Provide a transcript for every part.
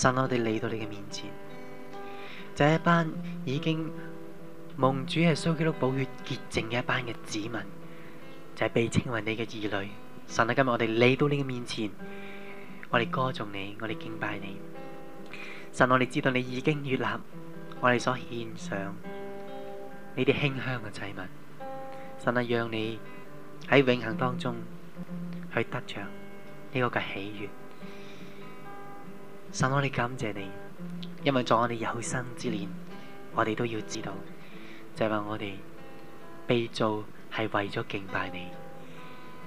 神，我哋嚟到你嘅面前，就係、是、一班已經蒙主耶穌基督寶血潔淨嘅一班嘅子民，就係、是、被稱為你嘅兒女。神啊，今日我哋嚟到你嘅面前，我哋歌頌你，我哋敬拜你。神，我哋知道你已經悅納，我哋所獻上你啲馨香嘅祭物，神啊，讓你喺永恆當中去得着呢個嘅喜悅。神我哋感謝你，因為在我哋有生之年，我哋都要知道，就係話我哋被造係為咗敬拜你。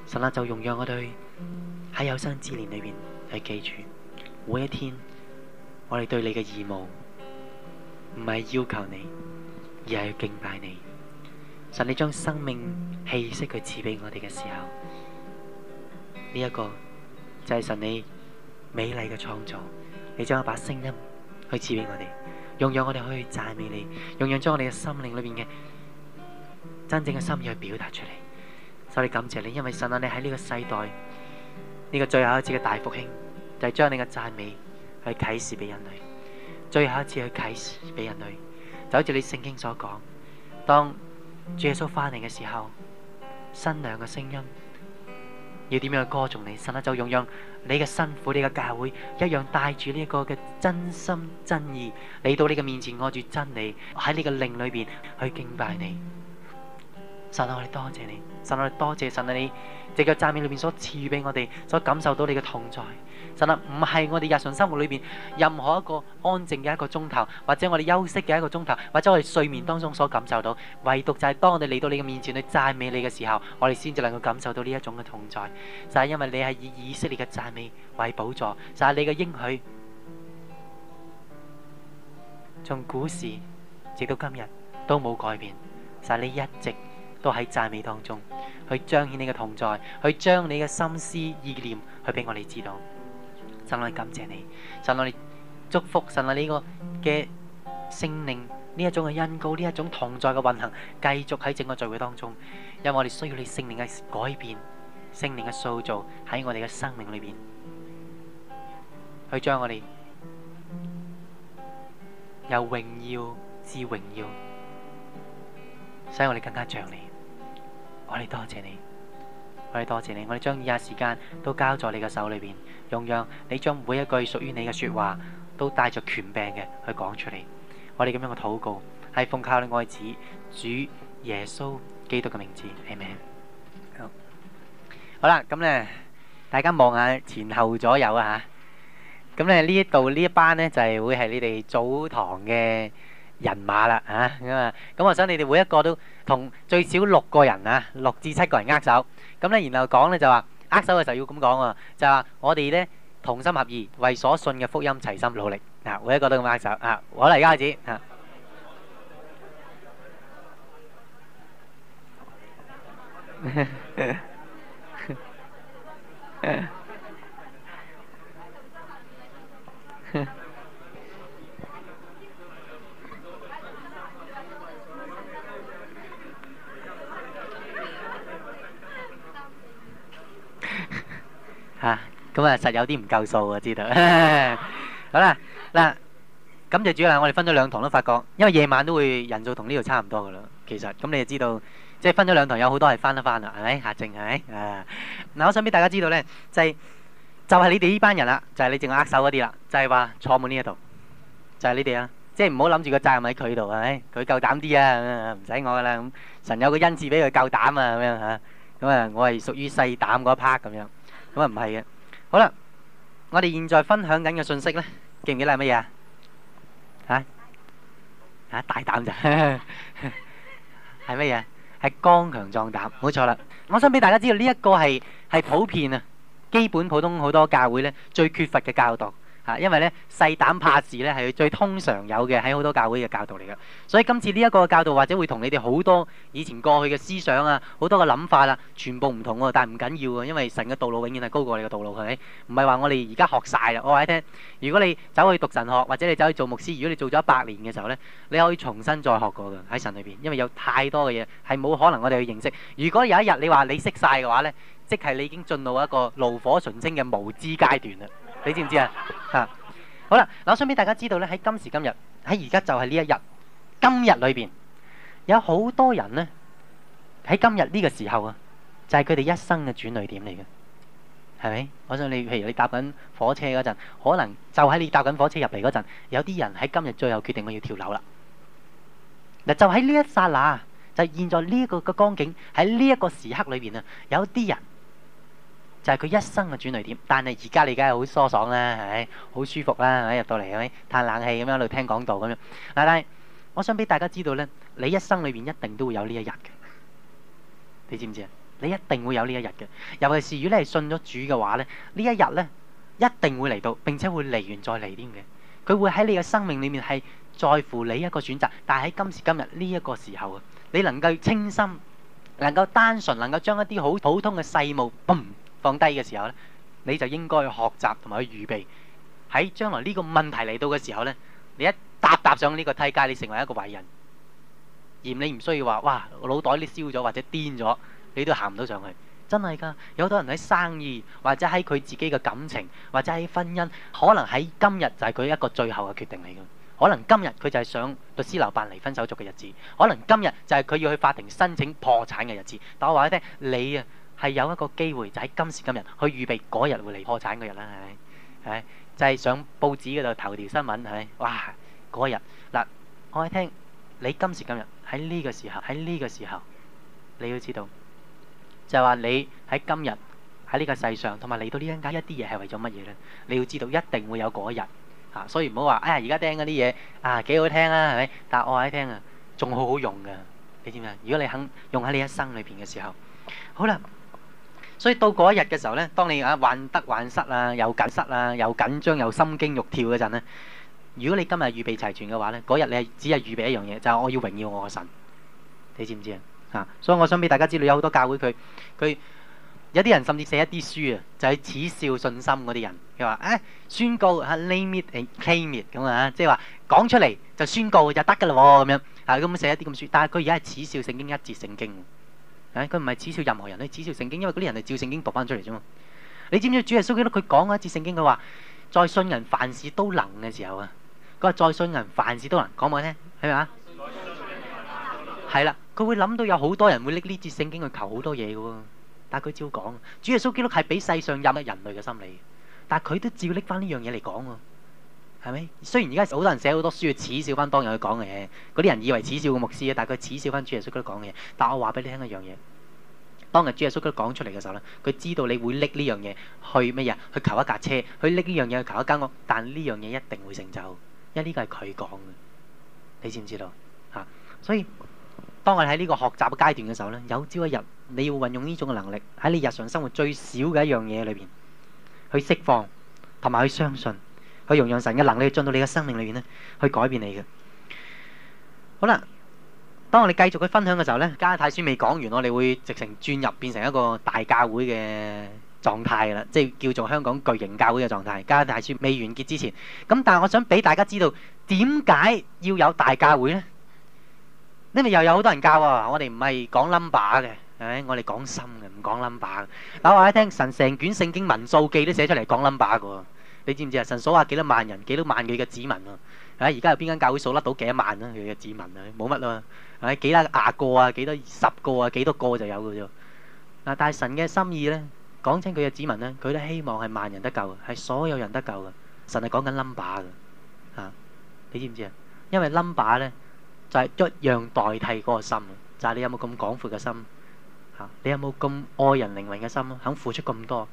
神啊，就容讓我哋喺有生之年裏邊去記住，每一天我哋對你嘅義務唔係要求你，而係要敬拜你。神你將生命氣息去賜俾我哋嘅時候，呢一個就係神你美麗嘅創造。你將一把聲音去賜俾我哋，用讓我哋去以讚美你，用讓將我哋嘅心靈裏邊嘅真正嘅心意去表達出嚟。所以感謝你，因為神啊，你喺呢個世代呢，呢個最後一次嘅大復興，就係、是、將你嘅讚美去啟示俾人類，最後一次去啟示俾人類，就好似你聖經所講，當耶穌翻嚟嘅時候，新娘嘅聲音。要點樣歌頌你？神啊，就用樣你嘅辛苦，你嘅教會一樣帶住呢個嘅真心真意，你到你嘅面前，愛住真理，喺你嘅靈裏邊去敬拜你。神啊，我哋多謝你，神啊，我哋多謝神啊，你藉着讚美裏邊所賜予俾我哋，所感受到你嘅同在。就係唔係我哋日常生活裏面任何一個安靜嘅一個鐘頭，或者我哋休息嘅一個鐘頭，或者我哋睡眠當中所感受到，唯獨就係當我哋嚟到你嘅面前去讚美你嘅時候，我哋先至能夠感受到呢一種嘅同在。就係因為你係以以色列嘅讚美為寶座，就係你嘅應許，從古時直到今日都冇改變。就係你一直都喺讚美當中去彰顯你嘅同在，去將你嘅心思意念去俾我哋知道。神啊，我哋感謝你！神啊，你祝福神啊，呢個嘅聖靈呢一種嘅恩膏，呢一種同在嘅運行，繼續喺整個聚會當中。因為我哋需要你聖靈嘅改變、聖靈嘅塑造喺我哋嘅生命裏邊，去將我哋由榮耀至榮耀，使我哋更加像你。我哋多謝你。我哋多謝你，我哋將以下時間都交在你嘅手裏邊，讓讓你將每一句屬於你嘅說話都帶着權柄嘅去講出嚟。我哋咁樣嘅禱告係奉靠你愛子主耶穌基督嘅名字，Amen。好，好啦，咁咧大家望下前後左右啊吓，咁咧呢一度呢一班咧就係會係你哋早堂嘅。人馬啦嚇咁啊！咁我想你哋每一個都同最少六個人啊，六至七個人握手，咁咧然後講咧就話握手嘅時候要咁講喎，就話我哋咧同心合意，為所信嘅福音齊心努力啊！每一個都咁握手啊！好啦，而家開始嚇。嚇！咁啊，實有啲唔夠數啊，知道？好啦，嗱，咁就主要係我哋分咗兩堂都發覺，因為夜晚都會人數同呢度差唔多噶啦。其實咁你就知道，即係分咗兩堂有好多係翻得翻啦，係咪？下證係咪？啊！嗱，我想俾大家知道咧，就係就係你哋呢班人啦，就係你淨握手嗰啲啦，就係話坐滿呢一度，就係你哋啊！即係唔好諗住個責任喺佢度，係咪？佢夠膽啲啊，唔使我噶啦咁。神有個恩賜俾佢夠膽啊，咁樣嚇。咁啊，我係屬於細膽嗰一 part 咁樣。咁啊唔係嘅，好啦，我哋現在分享緊嘅信息呢，記唔記得係乜嘢？嚇、啊、嚇、啊、大膽就係乜嘢？係剛強壯膽，冇錯啦！我想俾大家知道呢一、這個係係普遍啊，基本普通好多教會呢最缺乏嘅教導。因為咧，細膽怕事咧，係佢最通常有嘅，喺好多教會嘅教導嚟嘅。所以今次呢一個教導，或者會同你哋好多以前過去嘅思想啊，好多嘅諗法啊，全部唔同喎。但係唔緊要啊，因為神嘅道路永遠係高過你嘅道路，係咪？唔係話我哋而家學晒啦。我話你聽，如果你走去讀神學，或者你走去做牧師，如果你做咗百年嘅時候呢，你可以重新再學過嘅喺神裏邊，因為有太多嘅嘢係冇可能我哋去認識。如果有一日你，你話你識晒嘅話呢，即係你已經進入一個爐火純青嘅無知階段啦。你知唔知啊？嚇，yeah！好啦，我想俾大家知道咧，喺今時今日，喺而家就係呢一日，今日裏邊有好多人呢。喺今日呢個時候啊，就係佢哋一生嘅轉捩點嚟嘅，係咪？我想你，譬如你搭緊火車嗰陣，可能就喺你搭緊火車入嚟嗰陣，有啲人喺今日最後決定我要跳樓啦。嗱，就喺呢一剎那，就現在呢一個嘅光景，喺呢一個時刻裏邊啊，有啲人。就係佢一生嘅轉捩點，但係而家你梗係好舒爽啦，係咪好舒服啦？入到嚟咁樣嘆冷氣，咁樣喺度聽講道咁樣。但係我想俾大家知道咧，你一生裏邊一定都會有呢一日嘅。你知唔知啊？你一定會有呢一日嘅，尤其是如果你係信咗主嘅話咧，呢一日咧一定會嚟到，並且會嚟完再嚟添嘅。佢會喺你嘅生命裏面係在乎你一個選擇，但係喺今時今日呢一個時候啊，你能夠清心，能夠單純，能夠將一啲好普通嘅細務，嘣！放低嘅時候咧，你就應該去學習同埋去預備，喺將來呢個問題嚟到嘅時候呢，你一搭搭上呢個梯階，你成為一個偉人，而你唔需要話哇腦袋你燒咗或者癲咗，你都行唔到上去，真係㗎！有好多人喺生意或者喺佢自己嘅感情或者喺婚姻，可能喺今日就係佢一個最後嘅決定嚟㗎。可能今日佢就係上律師樓辦離婚手續嘅日子，可能今日就係佢要去法庭申請破產嘅日子。但我話你聽，你啊～係有一個機會，就喺今時今日去預備嗰日會嚟破產嗰日啦，係咪？係咪？就係上報紙嗰度頭條新聞，係咪？哇！嗰日嗱，我話你聽今時今日喺呢個時候，喺呢個時候，你要知道，就係話你喺今日喺呢個世上，同埋嚟到呢間家一啲嘢係為咗乜嘢咧？你要知道一定會有嗰一日嚇，所以唔好話哎呀，而家聽嗰啲嘢啊幾好聽啦，係咪？但係我話你聽啊，仲好好用噶，你知唔知啊？如果你肯用喺你一生裏邊嘅時候，好啦。所以到嗰一日嘅時候咧，當你啊患得患失啊，又緊失啊，又緊張又心驚肉跳嗰陣咧，如果你今日預備齊全嘅話咧，嗰日你係只係預備一樣嘢，就係我要榮耀我個神，你知唔知啊？啊，所以我想俾大家知道有好多教會佢，佢有啲人甚至寫一啲書啊，就係恥笑信心嗰啲人，佢話誒宣告啊，name it and claim it 咁啊，即係話講出嚟就宣告就得㗎啦喎，咁樣啊咁寫一啲咁書，但係佢而家係恥笑聖經一節聖經。佢唔係恥笑任何人咧，恥笑聖經，因為嗰啲人係照聖經讀翻出嚟啫嘛。你知唔知主耶穌基督佢講一次聖經，佢話：再信人凡事都能嘅時候啊，佢話再信人凡事都能。講俾我聽？係咪啊？係啦、嗯，佢會諗到有好多人會拎呢節聖經去求好多嘢嘅喎。但係佢照講，主耶穌基督係比世上任何人類嘅心理，但係佢都照拎翻呢樣嘢嚟講喎。係咪？雖然而家好多人寫好多書要恥笑翻當日佢講嘅嘢，嗰啲人以為恥笑個牧師，但係佢恥笑翻主耶穌佢講嘅嘢。但係我話俾你聽一樣嘢：當日主耶穌佢講出嚟嘅時候咧，佢知道你會拎呢樣嘢去乜嘢？去求一架車，去拎呢樣嘢去求一間屋，但呢樣嘢一定會成就，因為呢個係佢講嘅。你知唔知道？吓、啊，所以當我喺呢個學習嘅階段嘅時候咧，有朝一日你要運用呢種嘅能力，喺你日常生活最少嘅一樣嘢裏邊去釋放，同埋去相信。去用用神嘅能力去進到你嘅生命裏面咧，去改變你嘅。好啦，當我哋繼續去分享嘅時候呢，加太書未講完，我哋會直成轉入變成一個大教會嘅狀態啦，即係叫做香港巨型教會嘅狀態。加太書未完結之前，咁但係我想俾大家知道，點解要有大教會呢？因為又有好多人教啊，我哋唔係講 number 嘅，係咪？我哋講心嘅，唔講 number。我話你聽，神成卷聖經民數記都寫出嚟講 number 嘅。你知唔知啊？神所話幾多萬人、幾多萬佢嘅子民啊？啊！而家有邊間教會數得到幾多萬咧？佢嘅子民啊，冇乜咯。啊，幾多廿個啊？幾多十個啊？幾多個就有嘅啫。嗱，但係神嘅心意咧，講清佢嘅子民咧，佢都希望係萬人得救，係所有人得救嘅。神係講緊 number 嘅。嚇，你知唔知啊？因為 number 咧，就係一樣代替嗰個心嘅，就係你有冇咁廣闊嘅心？嚇，你有冇咁愛人靈魂嘅心啊？肯付出咁多？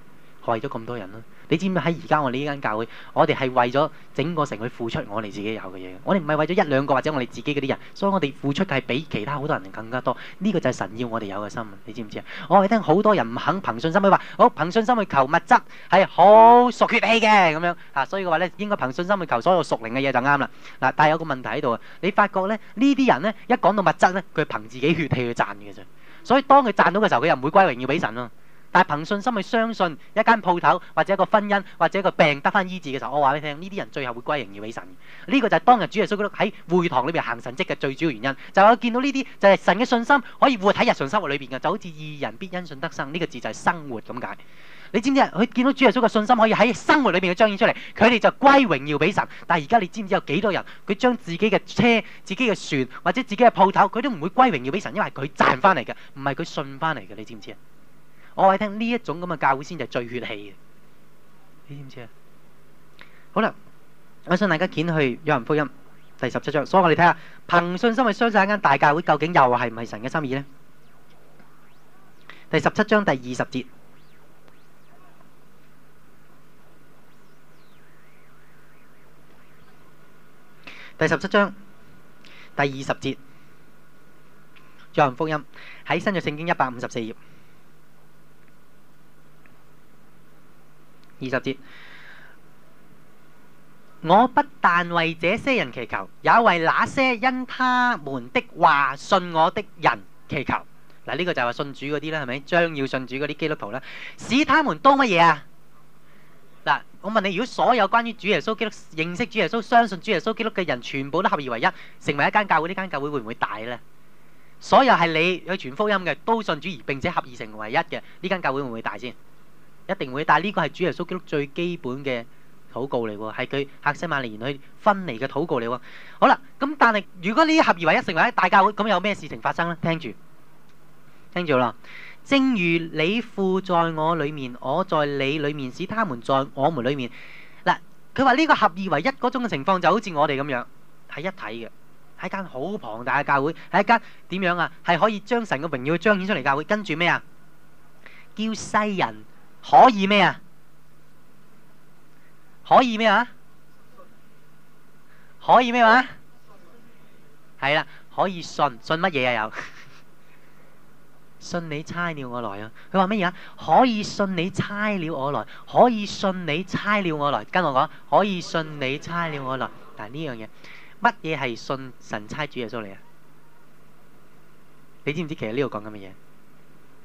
為咗咁多人咯，你知唔知喺而家我哋呢間教會，我哋係為咗整個城去付出我哋自己有嘅嘢。我哋唔係為咗一兩個或者我哋自己嗰啲人，所以我哋付出係比其他好多人更加多。呢、這個就係神要我哋有嘅心，你知唔知啊？我哋聽好多人唔肯憑信心去，去、哦、話：好憑信心去求物質係好屬血氣嘅咁樣啊！所以嘅話咧，應該憑信心去求所有屬靈嘅嘢就啱啦。嗱，但係有個問題喺度啊，你發覺咧呢啲人咧一講到物質咧，佢憑自己血氣去賺嘅啫。所以當佢賺到嘅時候，佢又唔會歸榮耀俾神咯。但係憑信心去相信一間鋪頭，或者一個婚姻，或者一個病得翻醫治嘅時候，我話俾你聽，呢啲人最後會歸榮耀俾神。呢個就係當日主耶穌喺會堂裏邊行神跡嘅最主要原因，就係我見到呢啲就係神嘅信心可以活喺日常生活裏邊嘅，就好似義人必因信得生呢個字就係生活咁解。你知唔知佢見到主耶穌嘅信心可以喺生活裏邊嘅彰顯出嚟，佢哋就歸榮耀俾神。但係而家你知唔知有幾多人佢將自己嘅車、自己嘅船或者自己嘅鋪頭，佢都唔會歸榮耀俾神，因為佢賺翻嚟嘅，唔係佢信翻嚟嘅。你知唔知啊？我係聽呢一種咁嘅教會先至係最血氣嘅，你知唔知啊？好啦，我想大家撿去約翰福音第十七章，所以我哋睇下憑信心去相信一間大教會究竟又係唔係神嘅心意呢？第十七章第二十節，第十七章第二十節，約翰福音喺新約聖經一百五十四頁。二十節，我不但為這些人祈求，也為那些因他們的話信我的人祈求。嗱，呢個就係話信主嗰啲啦，係咪？將要信主嗰啲基督徒啦，使他們多乜嘢啊？嗱，我問你，如果所有關於主耶穌基督認識主耶穌、相信主耶穌基督嘅人，全部都合而為一，成為一間教會，呢間教會會唔會大呢？所有係你去傳福音嘅，都信主而並且合而成為一嘅，呢間教會會唔會大先？一定會，但係呢個係主耶穌基督最基本嘅禱告嚟喎，係佢克西馬尼園去分離嘅禱告嚟喎。好啦，咁但係如果呢合二為一成為一大教會，咁有咩事情發生呢？聽住，聽住啦。正如你附在我裡面，我在你裡面，使他們在我們裡面嗱。佢話呢個合二為一嗰種嘅情況就好似我哋咁樣係一體嘅，喺間好龐大嘅教會，係一間點樣啊？係可以將神嘅榮耀彰顯出嚟教會。跟住咩啊？叫西人。可以咩啊？可以咩話？可以咩話？係啦，可以信信乜嘢又有？信，啊、 信你差了我來啊！佢話乜嘢啊？可以信你差了我來，可以信你差了我來，跟我講可以信你差了我來。但係呢樣嘢，乜嘢係信神差主耶穌嚟啊？你知唔知其實呢度講緊乜嘢？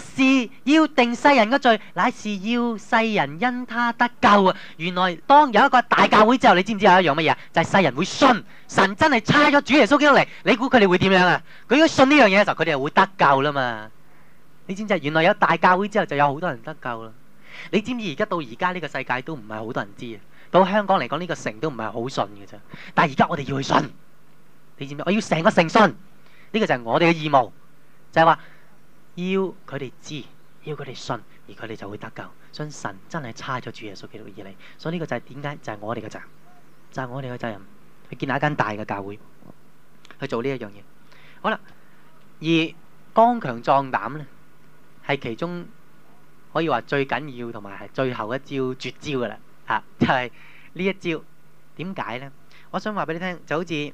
不是要定世人嘅罪，乃是要世人因他得救啊！原來當有一個大教會之後，你知唔知有一樣乜嘢啊？就係世人會信神，真係差咗主耶穌基督嚟。你估佢哋會點樣啊？佢要信呢樣嘢嘅時候，佢哋又會得救啦嘛？你知唔知？原來有大教會之後，就有好多人得救啦。你知唔知？而家到而家呢個世界都唔係好多人知啊。到香港嚟講，呢個城都唔係好信嘅啫。但係而家我哋要去信，你知唔知？我要成個城信，呢個就係我哋嘅義務，就係話。要佢哋知，要佢哋信，而佢哋就會得救，信神真係差咗主耶穌基督以嚟。所以呢個就係點解就係、是、我哋嘅責任，就係、是、我哋嘅責任去建立一間大嘅教會，去做呢一樣嘢。好啦，而剛強壯膽咧，係其中可以話最緊要同埋係最後一招絕招噶啦，吓、啊、就係、是、呢一招。點解呢？我想話俾你聽，就好似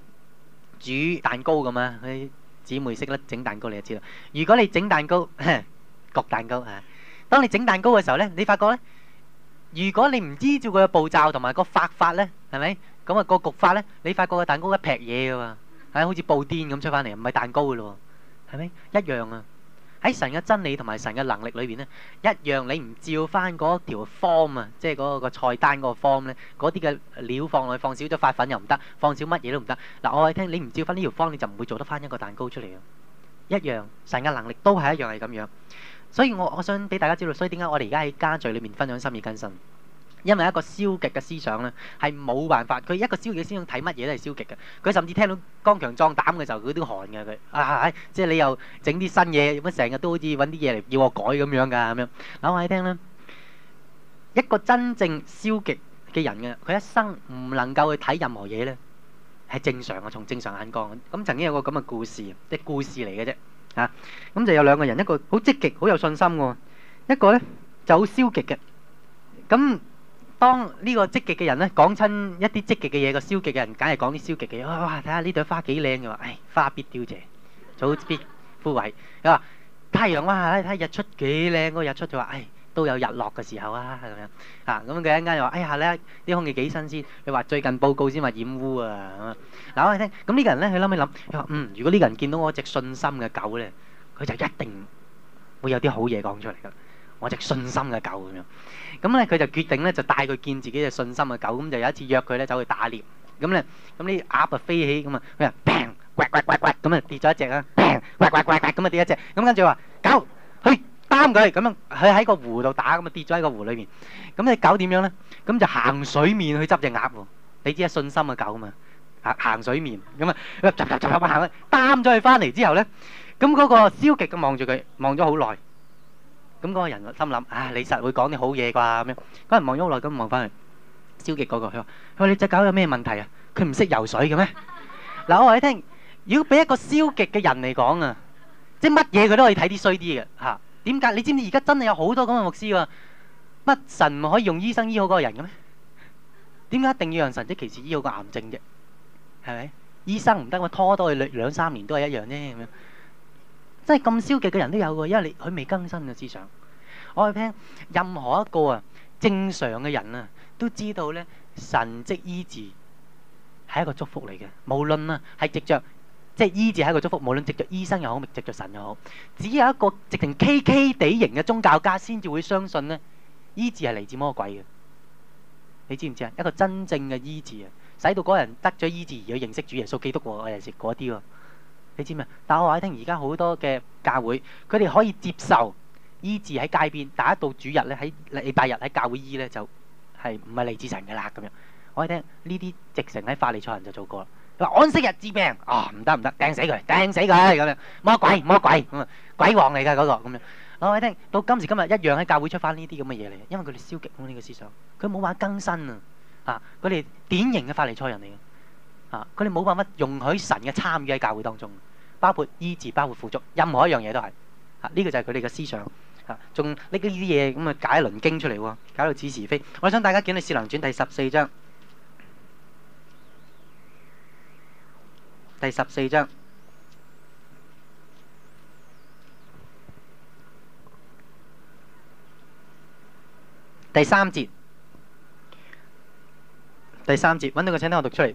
煮蛋糕咁樣，去。姊妹識啦，整蛋糕你就知道。如果你整蛋糕，焗蛋糕啊，當你整蛋糕嘅時候咧，你發覺咧，如果你唔知照佢嘅步驟同埋個發法咧，係咪？咁、那、啊個焗法咧，你發覺個蛋糕一劈嘢嘅係係好似布甸咁出翻嚟，唔係蛋糕嘅咯，係咪一樣啊？喺神嘅真理同埋神嘅能力裏邊咧，一樣你唔照翻嗰條 form 啊，即係嗰個菜單嗰個 form 咧，嗰啲嘅料放落去放少咗塊粉又唔得，放少乜嘢都唔得。嗱，我話你聽你唔照翻呢條 form，你就唔會做得翻一個蛋糕出嚟嘅。一樣神嘅能力都係一樣係咁樣，所以我我想俾大家知道，所以點解我哋而家喺家聚裏面分享心意更新。因為一個消極嘅思想咧，係冇辦法。佢一個消極思想睇乜嘢都係消極嘅。佢甚至聽到剛強壯膽嘅時候，佢都寒嘅佢。啊，即係你又整啲新嘢，乜成日都好似揾啲嘢嚟要我改咁樣㗎咁樣。我話你聽啦。一個真正消極嘅人嘅，佢一生唔能夠去睇任何嘢咧，係正常嘅。從正常眼光，咁曾經有個咁嘅故事，即係故事嚟嘅啫。嚇，咁就有兩個人，一個好積極、好有信心喎，一個咧就好消極嘅。咁當呢個積極嘅人咧講親一啲積極嘅嘢，個消極嘅人梗係講啲消極嘅嘢。哇！睇下呢朵花幾靚㗎嘛？誒，花必凋謝，草必枯萎。佢話，太陽哇！睇睇日出幾靚，個日出就話，誒都有日落嘅時候啊。嚇咁佢一間又話，哎呀咧，啲空氣幾新鮮。佢話最近報告先話染污啊？嗱，我哋聽。咁呢個人咧，佢諗一諗，佢話，嗯，如果呢個人見到我一隻信心嘅狗咧，佢就一定會有啲好嘢講出嚟㗎。我隻信心嘅狗咁樣，咁咧佢就決定咧就帶佢見自己隻信心嘅狗，咁就有一次約佢咧走去打獵，咁咧咁啲鴨啊飛起，咁啊佢話砰，呱呱呱呱，咁啊跌咗一隻啊，砰，呱呱呱呱，咁啊跌一隻，咁跟住話狗去擔佢，咁樣佢喺個湖度打，咁啊跌咗喺個湖裏面，咁你狗點樣咧？咁就行水面去執隻鴨喎，你知係信心嘅狗嘛，行水面，咁啊執執執執行，擔咗佢翻嚟之後咧，咁嗰個消極咁望住佢，望咗好耐。咁嗰個人心諗，啊你實會講啲好嘢啩咁樣。嗰人望咗好耐咁望翻去，消極嗰個佢話：佢話你隻狗有咩問題啊？佢唔識游水嘅咩？嗱，我話你聽，如果俾一個消極嘅人嚟講啊，即係乜嘢佢都可以睇啲衰啲嘅嚇。點解？你知唔知而家真係有好多咁嘅牧師喎？乜神唔可以用醫生醫好嗰個人嘅咩？點解一定要讓神即其時醫好個癌症啫？係咪？醫生唔得我，拖多佢兩兩三年都係一樣啫咁樣。真係咁消極嘅人都有喎，因為你佢未更新嘅思想。我去聽任何一個啊正常嘅人啊都知道咧，神跡醫治係一個祝福嚟嘅。無論啊係藉着即係醫治係一個祝福，無論藉着醫生又好，藉着神又好，只有一個直情 K K 地形嘅宗教家先至會相信咧，醫治係嚟自魔鬼嘅。你知唔知啊？一個真正嘅醫治啊，使到嗰人得咗醫治而去認識主耶穌基督喎，又是嗰啲喎。你知嘛？但係我話你聽，而家好多嘅教會，佢哋可以接受醫治喺街邊，但係一到主日咧，喺禮拜日喺教會醫咧，就係唔係嚟自神噶啦咁樣。我話你聽，呢啲直程喺法利賽人就做過啦。佢話安息日治病，啊唔得唔得，掟死佢，掟死佢咁樣，魔鬼魔鬼咁啊，鬼王嚟噶嗰個咁樣。我話你聽到今時今日一樣喺教會出翻呢啲咁嘅嘢嚟，因為佢哋消極呢個思想，佢冇辦法更新啊。啊，佢哋典型嘅法利賽人嚟嘅，啊，佢哋冇辦法容許神嘅參與喺教會當中。包括醫治，包括輔助，任何一樣嘢都係。嚇，呢個就係佢哋嘅思想。嚇，仲拎啲呢啲嘢咁啊，解一輪經出嚟喎，搞到似是非。我想大家見《使徒行傳》第十四章，第十四章第三節，第三節揾到，個請聽我讀出嚟。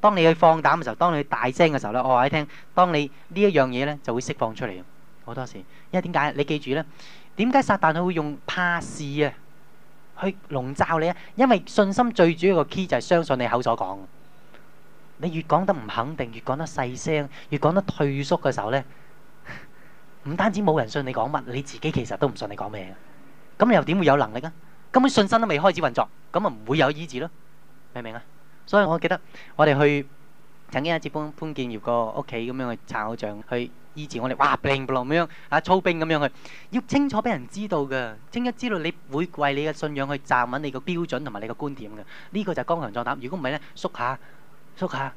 當你去放膽嘅時候，當你去大聲嘅時候呢，我話你聽，當你呢一樣嘢呢就會釋放出嚟。好多時，因為點解？你記住呢，點解撒旦佢會用怕事啊，去籠罩你啊？因為信心最主要個 key 就係相信你口所講。你越講得唔肯定，越講得細聲，越講得退縮嘅時候呢，唔單止冇人信你講乜，你自己其實都唔信你講咩嘅。咁又點會有能力啊？根本信心都未開始運作，咁啊唔會有醫治咯，明唔明啊？所以我記得我哋去曾經一次潘潘建業個屋企咁樣去撐偶像去醫治，去依住我哋哇 bling bling 咁樣啊操兵咁樣，樣去，要清楚俾人知道嘅。清一知道，你會為你嘅信仰去站穩你個標準同埋你個觀點嘅。呢個就係、是、剛強壯膽。如果唔係咧，縮下縮下，誒、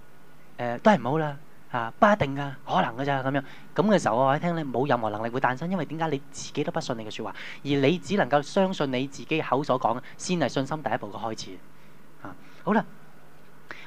呃、都係唔好啦嚇，不、啊、一定㗎、啊，可能㗎咋咁樣咁嘅時候，我話你聽咧，冇任何能力會誕生，因為點解你自己都不信你嘅説話，而你只能夠相信你自己口所講先係信心第一步嘅開始啊。好啦。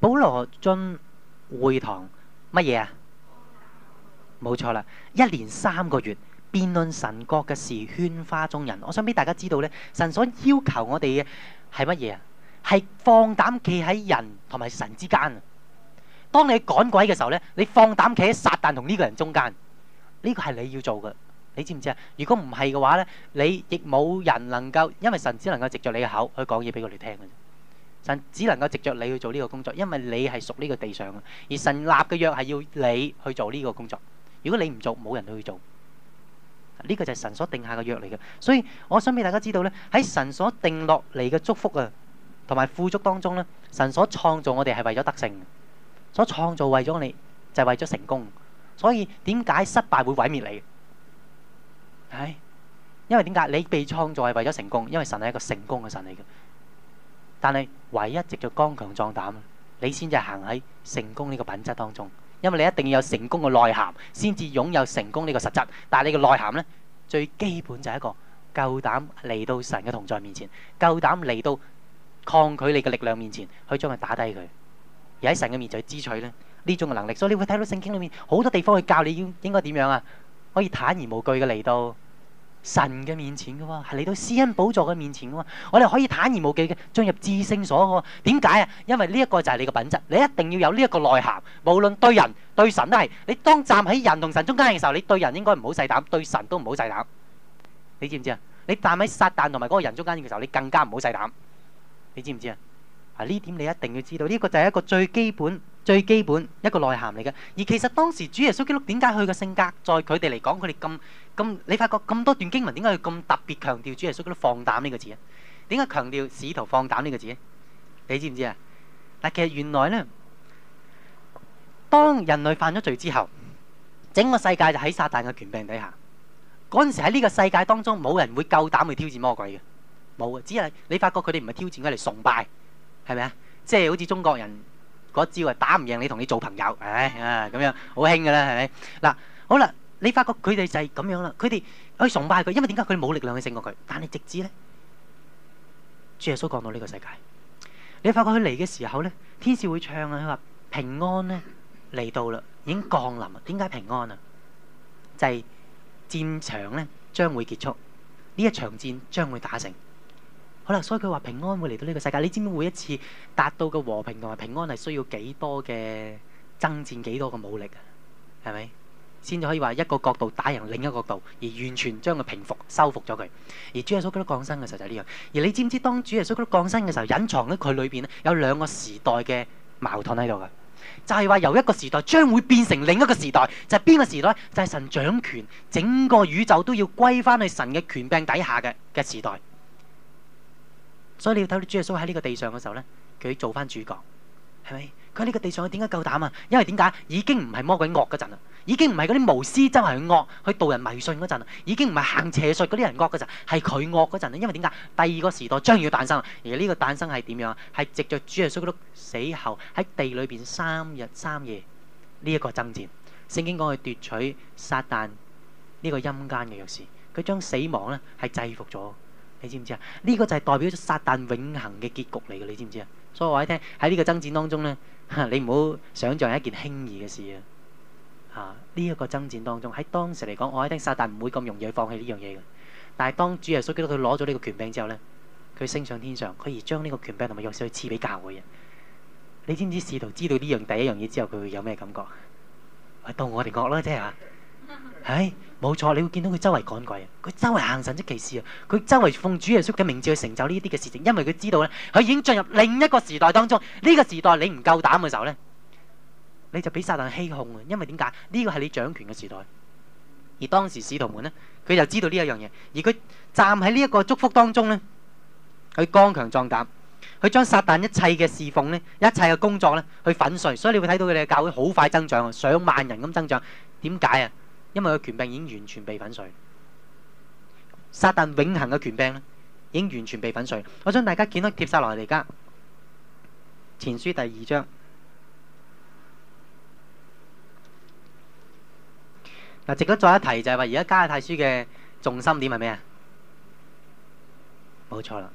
保羅進會堂，乜嘢啊？冇錯啦，一連三個月辯論神國嘅事，圈花眾人。我想俾大家知道咧，神所要求我哋嘅係乜嘢啊？係放膽企喺人同埋神之間。當你趕鬼嘅時候咧，你放膽企喺撒旦同呢個人中間，呢、這個係你要做嘅。你知唔知啊？如果唔係嘅話咧，你亦冇人能夠，因為神只能夠藉著你嘅口去講嘢俾佢哋聽嘅。神只能夠藉著你去做呢個工作，因為你係屬呢個地上嘅，而神立嘅約係要你去做呢個工作。如果你唔做，冇人都去做。呢個就係神所定下嘅約嚟嘅。所以我想俾大家知道咧，喺神所定落嚟嘅祝福啊，同埋富足當中咧，神所創造我哋係為咗得勝，所創造為咗你，就係為咗成功。所以點解失敗會毀滅你？係因為點解你被創造係為咗成功，因為神係一個成功嘅神嚟嘅。但係唯一，就係剛強壯膽，你先至行喺成功呢個品質當中。因為你一定要有成功嘅內涵，先至擁有成功呢個實質。但係你嘅內涵呢，最基本就係一個夠膽嚟到神嘅同在面前，夠膽嚟到抗拒你嘅力量面前，去將佢打低佢，而喺神嘅面前去支取咧，呢種能力。所以你會睇到聖經裏面好多地方去教你要應該點樣啊，可以坦然無懼嘅嚟到。神嘅面前嘅喎，係嚟到施恩寶座嘅面前嘅喎，我哋可以坦然無忌嘅進入至聖所嘅喎。點解啊？因為呢一個就係你嘅品質，你一定要有呢一個內涵。無論對人對神都係，你當站喺人同神中間嘅時候，你對人應該唔好細膽，對神都唔好細膽。你知唔知啊？你站喺撒但同埋嗰個人中間嘅時候，你更加唔好細膽。你知唔知啊？啊呢點你一定要知道，呢個就係一個最基本、最基本一個內涵嚟嘅。而其實當時主耶穌基督點解佢嘅性格，在佢哋嚟講，佢哋咁。咁你發覺咁多段經文點解佢咁特別強調主耶穌嗰啲放膽呢個字啊？點解強調使徒放膽呢個字啊？你知唔知啊？嗱，其實原來呢，當人類犯咗罪之後，整個世界就喺撒旦嘅權柄底下。嗰陣時喺呢個世界當中，冇人會夠膽去挑戰魔鬼嘅，冇啊，只係你發覺佢哋唔係挑戰佢嚟崇拜，係咪啊？即係好似中國人嗰招啊，打唔贏你同你做朋友，唉啊咁樣好興㗎啦，係咪？嗱，好啦。你發覺佢哋就係咁樣啦，佢哋可以崇拜佢，因為點解佢冇力量去勝過佢？但係直至咧，主耶穌降到呢個世界，你發覺佢嚟嘅時候咧，天使會唱啊，佢話平安咧嚟到啦，已經降臨啦。點解平安啊？就係戰場咧將會結束，呢一場戰將會打勝。好啦，所以佢話平安會嚟到呢個世界。你知唔知每一次達到嘅和平同埋平安係需要幾多嘅爭戰、幾多嘅武力啊？係咪？先至可以話一個角度打贏另一個角度，而完全將佢平復、收復咗佢。而主耶穌基督降生嘅時候就係呢樣。而你知唔知當主耶穌基督降生嘅時候隱藏喺佢裏邊咧，有兩個時代嘅矛盾喺度噶，就係話由一個時代將會變成另一個時代，就係邊個時代？就係神掌權，整個宇宙都要歸翻去神嘅權柄底下嘅嘅時代。所以你要睇到主耶穌喺呢個地上嘅時候咧，佢要做翻主角，係咪？佢喺呢個地上佢點解夠膽啊？因為點解已經唔係魔鬼惡嗰陣已經唔係嗰啲巫師真係惡去度人迷信嗰陣，已經唔係行邪術嗰啲人惡嗰陣，係佢惡嗰陣。因為點解？第二個時代將要誕生，而呢個誕生係點樣啊？係藉著主耶穌基督死後喺地裏邊三日三夜呢一、這個爭戰，聖經講佢奪取撒旦呢個陰間嘅鑰匙，佢將死亡咧係制服咗。你知唔知啊？呢、這個就係代表咗撒旦永恆嘅結局嚟嘅，你知唔知啊？所以我話你聽喺呢個爭戰當中咧，你唔好想象一件輕易嘅事啊！啊！呢、這、一個爭戰當中，喺當時嚟講，我喺聽撒但唔會咁容易去放棄呢樣嘢嘅。但係當主耶穌基督佢攞咗呢個權柄之後呢，佢升上天上，佢而將呢個權柄同埋鑰匙賜俾教會嘅。你知唔知使徒知道呢樣第一樣嘢之後，佢會有咩感覺？到我哋惡啦，即係嚇。唉、 哎，冇錯，你會見到佢周圍趕鬼啊！佢周圍行神蹟奇事啊！佢周圍奉主耶穌嘅名字去成就呢啲嘅事情，因為佢知道呢，佢已經進入另一個時代當中。呢、這個時代你唔夠膽嘅時候呢。你就俾撒但欺控啊！因為點解呢？個係你掌權嘅時代，而當時使徒們咧，佢就知道呢一樣嘢，而佢站喺呢一個祝福當中咧，佢剛強壯膽，佢將撒但一切嘅侍奉咧、一切嘅工作咧，去粉碎。所以你會睇到佢哋嘅教會好快增長啊，上萬人咁增長。點解啊？因為佢權柄已經完全被粉碎，撒但永恆嘅權柄咧已經完全被粉碎。我想大家見到貼曬落嚟而家，前書第二章。值得再一提就係話，而家加拉太書嘅重心點係咩啊？冇錯啦，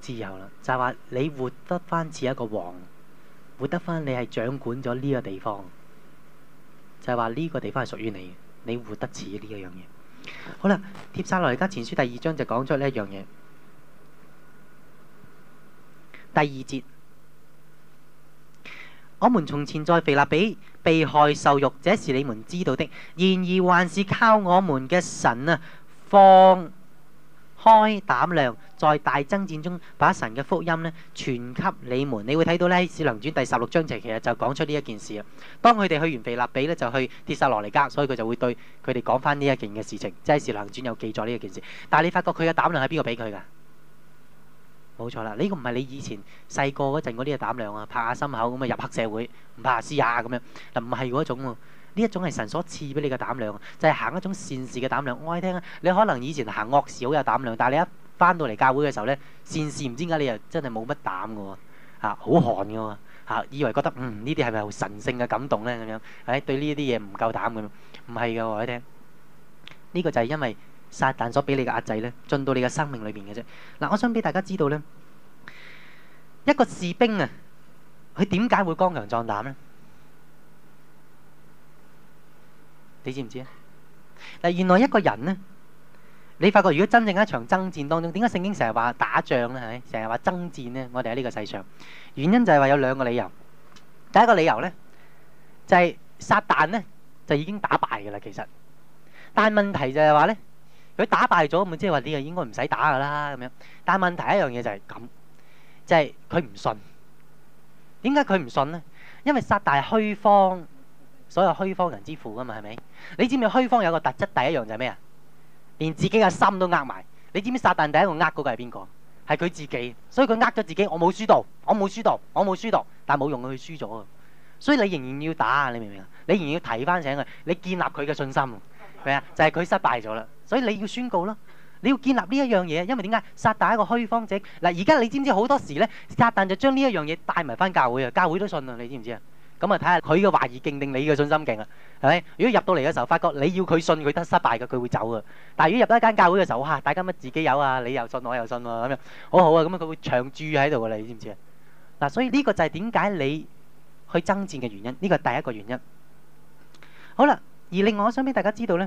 自由啦，就係話你活得翻似一個王，活得翻你係掌管咗呢個地方，就係話呢個地方係屬於你，你活得似呢一樣嘢。好啦，帖撒羅尼迦前書第二章就講咗呢一樣嘢，第二節。我們從前在腓立比被害受辱，這是你們知道的。然而還是靠我們嘅神啊，放開膽量，在大爭戰中把神嘅福音呢傳給你們。你會睇到呢，《使徒行傳》第十六章就其實就講出呢一件事啊。當佢哋去完腓立比呢，就去帖撒羅尼迦，所以佢就會對佢哋講返呢一件嘅事情，即係《使徒行傳》有記載呢一件事。但係你發覺佢嘅膽量係邊個俾佢㗎？冇錯啦，呢、這個唔係你以前細個嗰陣嗰啲嘅膽量啊，拍下心口咁啊入黑社會，唔怕死下咁樣嗱，唔係嗰種喎，呢一種係神所賜俾你嘅膽量，就係、是、行一種善事嘅膽量。我喺聽啊，你可能以前行惡事好有膽量，但係你一返到嚟教會嘅時候咧，善事唔知點解你又真係冇乜膽嘅喎，好、啊、寒嘅喎、啊，以為覺得嗯呢啲係咪由神性嘅感動咧咁樣？誒、哎、對呢啲嘢唔夠膽咁，唔係嘅喎喺聽，呢、這個就係因為。撒但所俾你嘅壓制咧，進到你嘅生命裏邊嘅啫。嗱，我想俾大家知道咧，一個士兵啊，佢點解會剛強壯膽呢？你知唔知啊？嗱，原來一個人呢，你發覺如果真正一場爭戰當中，點解聖經成日話打仗呢？係成日話爭戰呢？我哋喺呢個世上，原因就係話有兩個理由。第一個理由呢，就係、是、撒但呢，就已經打敗嘅啦，其實。但係問題就係話呢。佢打敗咗，咁即係話你嘢應該唔使打噶啦咁樣。但係問題一樣嘢就係咁，即係佢唔信。點解佢唔信呢？因為撒但係虛方，所有虛方人之父啊嘛，係咪？你知唔知虛方有個特質？第一樣就係咩啊？連自己嘅心都呃埋。你知唔知撒但第一個呃嗰個係邊個？係佢自己，所以佢呃咗自己。我冇輸到，我冇輸到，我冇輸到，但係冇用，佢輸咗，所以你仍然要打，你明唔明啊？你仍然要提翻醒佢，你建立佢嘅信心啊，係啊，就係、是、佢失敗咗啦。所以你要宣告咯，你要建立呢一樣嘢，因為點解撒旦係一個虛方者嗱？而家你知唔知好多時咧，撒旦就將呢一樣嘢帶埋翻教會啊！教會都信啊，你知唔知啊？咁啊，睇下佢嘅懷疑勁定你嘅信心勁啊？係咪？如果入到嚟嘅時候，發覺你要佢信，佢得失敗嘅，佢會走啊。但係如果入到一間教會嘅時候嚇，大家乜自己有啊？你又信，我又信喎啊，咁樣好好啊！咁啊，佢會長住喺度㗎，你知唔知啊？嗱，所以呢個就係點解你去爭戰嘅原因，呢個係第一個原因。好啦，而另外我想俾大家知道咧。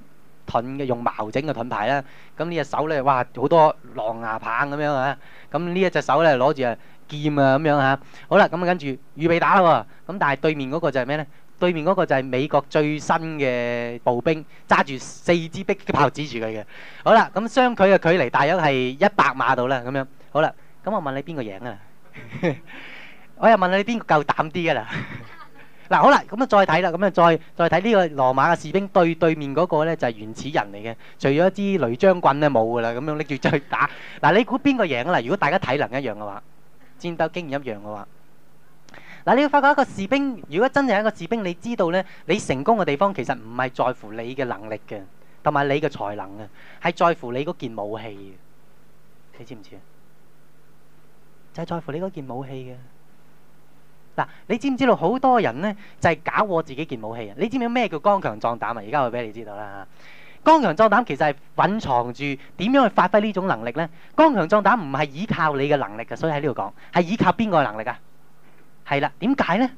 盾嘅用矛整嘅盾牌啦，咁呢隻手咧，哇好多狼牙棒咁樣啊。咁呢一隻手咧攞住啊劍啊咁樣嚇，好啦，咁啊跟住預備打啦喎，咁但係對面嗰個就係咩咧？對面嗰個就係美國最新嘅步兵，揸住四支迫擊炮指住佢嘅，好啦，咁相距嘅距離大約係一百碼度啦，咁樣，好啦，咁我問你邊個贏啊？贏 我又問你邊個夠膽啲啊？ 嗱、啊、好啦，咁啊再睇啦，咁啊再再睇呢個羅馬嘅士兵對對面嗰個咧就係、是、原始人嚟嘅，除咗支擂漿棍咧冇噶啦，咁樣拎住去打。嗱、啊，你估邊個贏啊？如果大家體能一樣嘅話，戰鬥經驗一樣嘅話，嗱、啊，你要發覺一個士兵，如果真係一個士兵，你知道呢，你成功嘅地方其實唔係在乎你嘅能力嘅，同埋你嘅才能嘅，係在乎你嗰件武器嘅。你知唔知啊？就係、是、在乎你嗰件武器嘅。嗱，你知唔知道好多人咧就係、是、搞過自己件武器啊？你知唔知咩叫剛強壯膽啊？而家我俾你知道啦嚇。剛、啊、強壯膽其實係隱藏住點樣去發揮呢種能力咧。剛強壯膽唔係依靠你嘅能力嘅，所以喺呢度講係依靠邊個嘅能力啊？係啦，點解咧？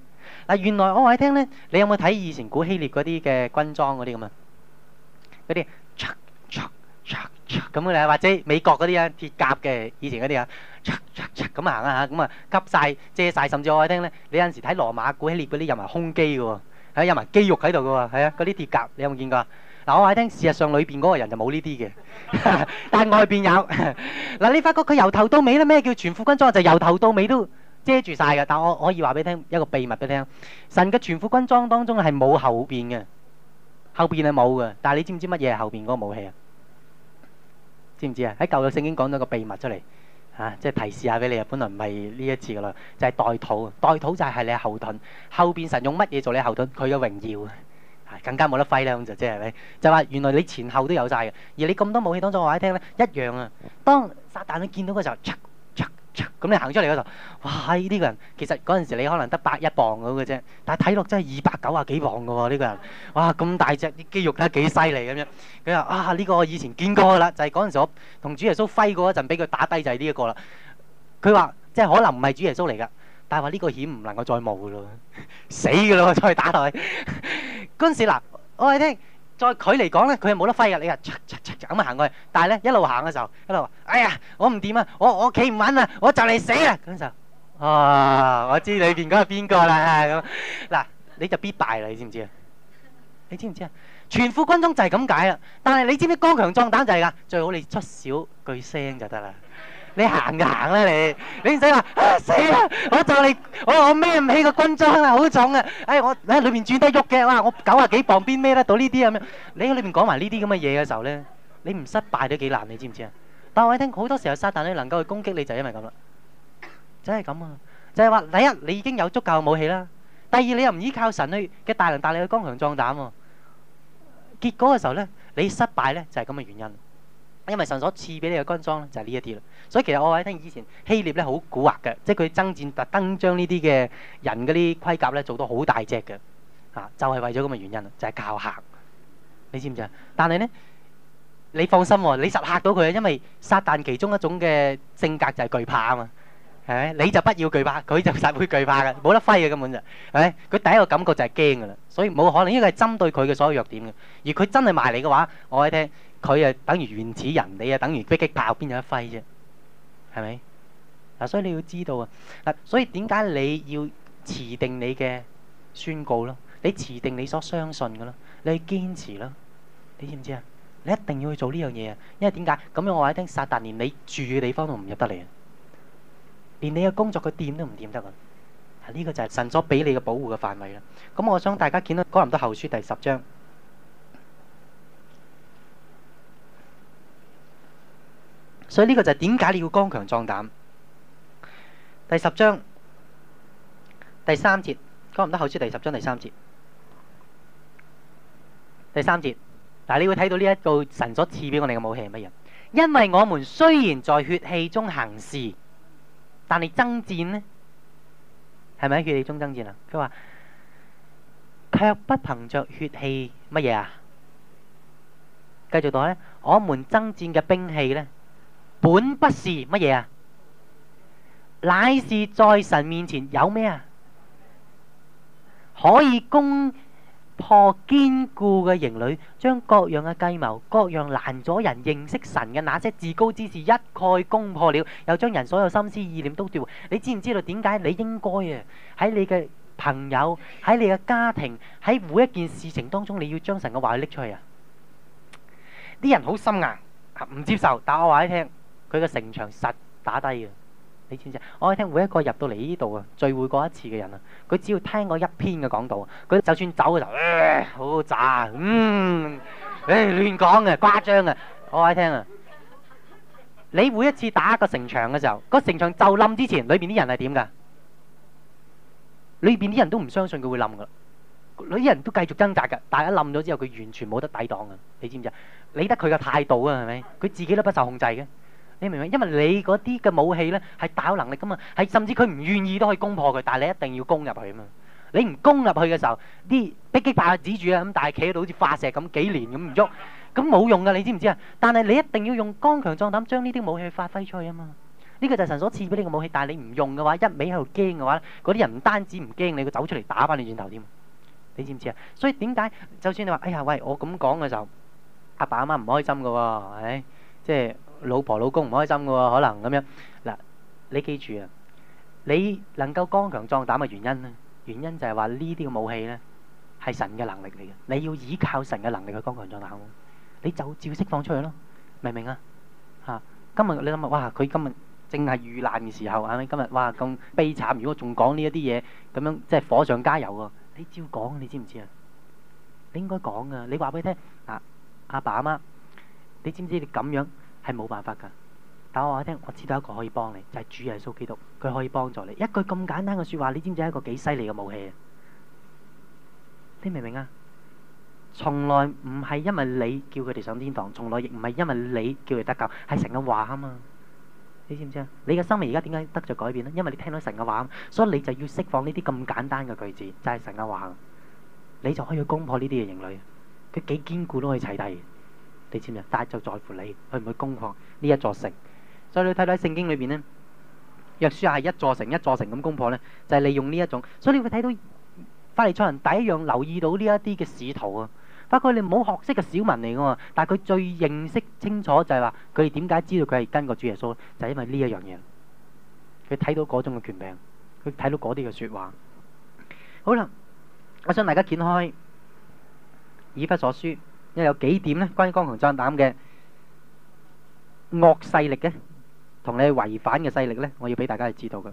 嗱，原來我話你聽咧，你有冇睇以前古希臘嗰啲嘅軍裝嗰啲咁啊？嗰啲咁嘅或者美國嗰啲啊，鐵甲嘅以前嗰啲啊。嚓嚓嚓咁行啊吓，咁啊吸曬遮曬，甚至我話你聽咧，你有陣時睇羅馬古希臘嗰啲有埋胸肌嘅喎，係啊，有埋肌肉喺度嘅喎，係啊，嗰啲鐵甲，你有冇見過？嗱，我話你聽事實上裏邊嗰個人就冇呢啲嘅，但係外邊有。嗱，你發覺佢由頭到尾咧，咩叫全副軍裝，就由頭到尾都遮住晒嘅，但我可以話俾你聽一個秘密俾你聽，神嘅全副軍裝當中係冇後邊嘅，後邊係冇嘅。但係你知唔知乜嘢係後邊嗰個武器啊？知唔知啊？喺舊嘅聖經講咗個秘密出嚟。啊！即係提示下俾你啊，本來唔係呢一次噶啦，就係、是、代禱，代禱就係你後盾。後邊神用乜嘢做你後盾？佢嘅榮耀啊，更加冇得揮啦咁就即係咪？就話、是、原來你前後都有曬嘅，而你咁多武器當中話喺聽咧一樣啊。當撒旦你見到嘅時候，咁、嗯、你行出嚟嗰度，哇！呢、呢個人其實嗰陣時你可能得百一磅咁嘅啫，但係睇落真係二百九啊幾磅嘅喎呢個人，哇！咁大隻啲肌肉睇下幾犀利咁樣。佢話：啊呢、呢個我以前見過㗎啦，就係嗰陣時我同主耶穌揮過一陣，俾佢打低就係呢一個啦。佢話：即係可能唔係主耶穌嚟㗎，但係話呢個險唔能夠再冒㗎咯， 死㗎咯再打落去。 嗰陣時嗱，我係聽。再佢嚟講咧，佢係冇得揮嘅，你啊，嚓嚓嚓咁啊行過去。但係咧，一路行嘅時候，一路話：哎呀，我唔掂啊，我我企唔穩啊，我就嚟死喇！嗰時候，哦，我知裏邊嗰個邊個啦，係咁。嗱，你就必敗啦，你知唔知啊？你知唔知啊？全副軍裝就係咁解啊！但係你知唔知剛強壯膽就係㗎，最好你出少句聲就得啦。你行就行啦，你你唔使話啊死啦！我就你我我孭唔起個軍裝啦，好重啊！哎，我喺裏面轉得喐嘅。哇！我九啊幾磅邊孭得到呢啲咁樣？你喺裏面講埋呢啲咁嘅嘢嘅時候咧，你唔失敗都幾難，你知唔知啊？但係我聽好多時候撒旦咧能夠去攻擊你，就係因為咁啦，真係咁啊！就係話第一你已經有足夠嘅武器啦，第二你又唔依靠神去嘅大能大力去剛強壯膽喎，結果嘅時候咧你失敗咧就係咁嘅原因。因為神所賜俾你嘅軍裝咧，就係呢一啲啦。所以其實我喺聽以前希臘咧好蠱惑嘅，即係佢爭戰特登將呢啲嘅人嗰啲盔甲咧做到好大隻嘅，啊就係為咗咁嘅原因啊，就係教嚇。你知唔知啊？但係咧，你放心，你實嚇到佢啊，因為撒旦其中一種嘅性格就係懼怕啊嘛，係咪？你就不要懼怕，佢就實會懼怕嘅，冇得揮嘅根本就係咪？佢第一個感覺就係驚㗎啦，所以冇可能，因為佢係針對佢嘅所有弱點嘅。而佢真係埋嚟嘅話，我喺聽。佢啊，等於原始人；你啊，等於飛機炮，邊有一揮啫？係咪？嗱，所以你要知道啊，嗱，所以點解你要持定你嘅宣告咯？你持定你所相信嘅咯？你去堅持咯？你知唔知啊？你一定要去做呢樣嘢啊！因為點解咁樣我話你聽，撒但連你住嘅地方都唔入得嚟啊！連你嘅工作佢掂都唔掂得啊！係、這、呢個就係神所俾你嘅保護嘅範圍啦。咁我想大家見到哥林多後書第十章。所以呢個就係點解你要剛強壯膽？第十章第三節講唔得好，書第十章第三節第三節嗱，你會睇到呢一個神所賜俾我哋嘅武器係乜嘢？因為我們雖然在血氣中行事，但係爭戰咧係咪喺血氣中爭戰啊？佢話卻不憑着血氣乜嘢啊？繼續讀咧，我們爭戰嘅兵器咧，本不是乜嘢啊，乃是在神面前有咩啊？可以攻破堅固嘅營壘，將各樣嘅計謀、各樣攔阻人認識神嘅那些自高之事一概攻破了，又將人所有心思意念都掉。你知唔知道點解你應該啊？喺你嘅朋友、喺你嘅家庭、喺每一件事情當中，你要將神嘅話去拎出去啊！啲人好心硬，唔接受，但我話你聽。佢個城牆實打低嘅，你知唔知啊？我喺聽每一個入到嚟呢度啊，聚會過一次嘅人啊，佢只要聽我一篇嘅講道，佢就算走嘅時候，誒、哎、好渣，嗯，誒、哎、亂講嘅，誇張嘅，我喺聽啊！你每一次打一個城牆嘅時候，個城牆就冧之前，裏邊啲人係點噶？裏邊啲人都唔相信佢會冧嘅，裏邊啲人都繼續掙扎嘅。但係一冧咗之後，佢完全冇得抵擋嘅。你知唔知啊？理得佢嘅態度啊，係咪？佢自己都不受控制嘅。你明唔明？因為你嗰啲嘅武器呢，係大有能力噶嘛，係甚至佢唔願意都可以攻破佢，但係你一定要攻入去啊嘛！你唔攻入去嘅時候，啲迫擊炮指住啊咁，但係企喺度好似化石咁幾年咁唔喐，咁冇用噶，你知唔知啊？但係你一定要用剛強壯膽將呢啲武器發揮出去啊嘛！呢個就係神所賜俾你嘅武器，但係你唔用嘅話，一味喺度驚嘅話，嗰啲人唔單止唔驚你，佢走出嚟打翻你轉頭添。你知唔知啊？所以點解？就算你話哎呀喂，我咁講嘅時候，阿爸阿媽唔開心嘅喎，唉，即係。老婆老公唔開心噶喎，可能咁樣嗱，你記住啊，你能夠剛強壯膽嘅原因咧，原因就係話呢啲嘅武器呢，係神嘅能力嚟嘅，你要倚靠神嘅能力去剛強壯膽，你就照釋放出去咯，明唔明啊？吓，今日你諗下，哇，佢今日正係遇難嘅時候，係咪？今日哇咁悲慘，如果仲講呢一啲嘢咁樣，即係火上加油啊！你照講，你知唔知啊？你應該講噶，你話俾佢聽啊，阿爸阿媽，你知唔知你咁樣？係冇辦法噶，但我話俾你聽，我知道一個可以幫你，就係、是、主耶穌基督，佢可以幫助你。一句咁簡單嘅說話，你知唔知係一個幾犀利嘅武器？你明唔明啊？從來唔係因為你叫佢哋上天堂，從來亦唔係因為你叫佢哋得救，係神嘅話啊嘛。你知唔知啊？你嘅生命而家點解得咗改變咧？因為你聽到神嘅話，所以你就要釋放呢啲咁簡單嘅句子，就係、是、神嘅話，你就可以攻破呢啲嘅營壘。佢幾堅固都可以砌低。地千入，但係就在乎你，去唔去攻破呢一座城。所以你睇到聖經裏邊呢，約書亞係一座城一座城咁攻破呢，就係、是、利用呢一種。所以你會睇到法利賽人第一樣留意到呢一啲嘅使徒啊，發覺你唔好學識嘅小民嚟噶，但係佢最認識清楚就係話佢哋點解知道佢係跟個主耶穌，就係、是、因為呢一樣嘢。佢睇到嗰種嘅權柄，佢睇到嗰啲嘅説話。好啦，我想大家揭開以弗所書。因有幾點咧，關於剛強壯膽嘅惡勢力咧，同你違反嘅勢力咧，我要俾大家去知道嘅。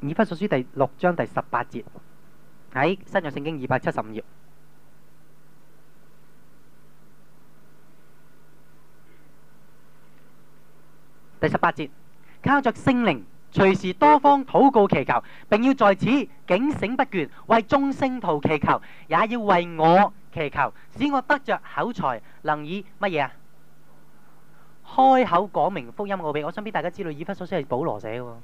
以弗所書第六章第十八節，喺新約聖經二百七十五頁，第十八節，靠著聖靈隨時多方禱告祈求，並要在此警醒不倦，為眾聖徒祈求，也要為我，祈求，使我得着口才，能以乜嘢啊？開口講明福音我俾，我想俾大家知道，以弗所書係保羅寫嘅，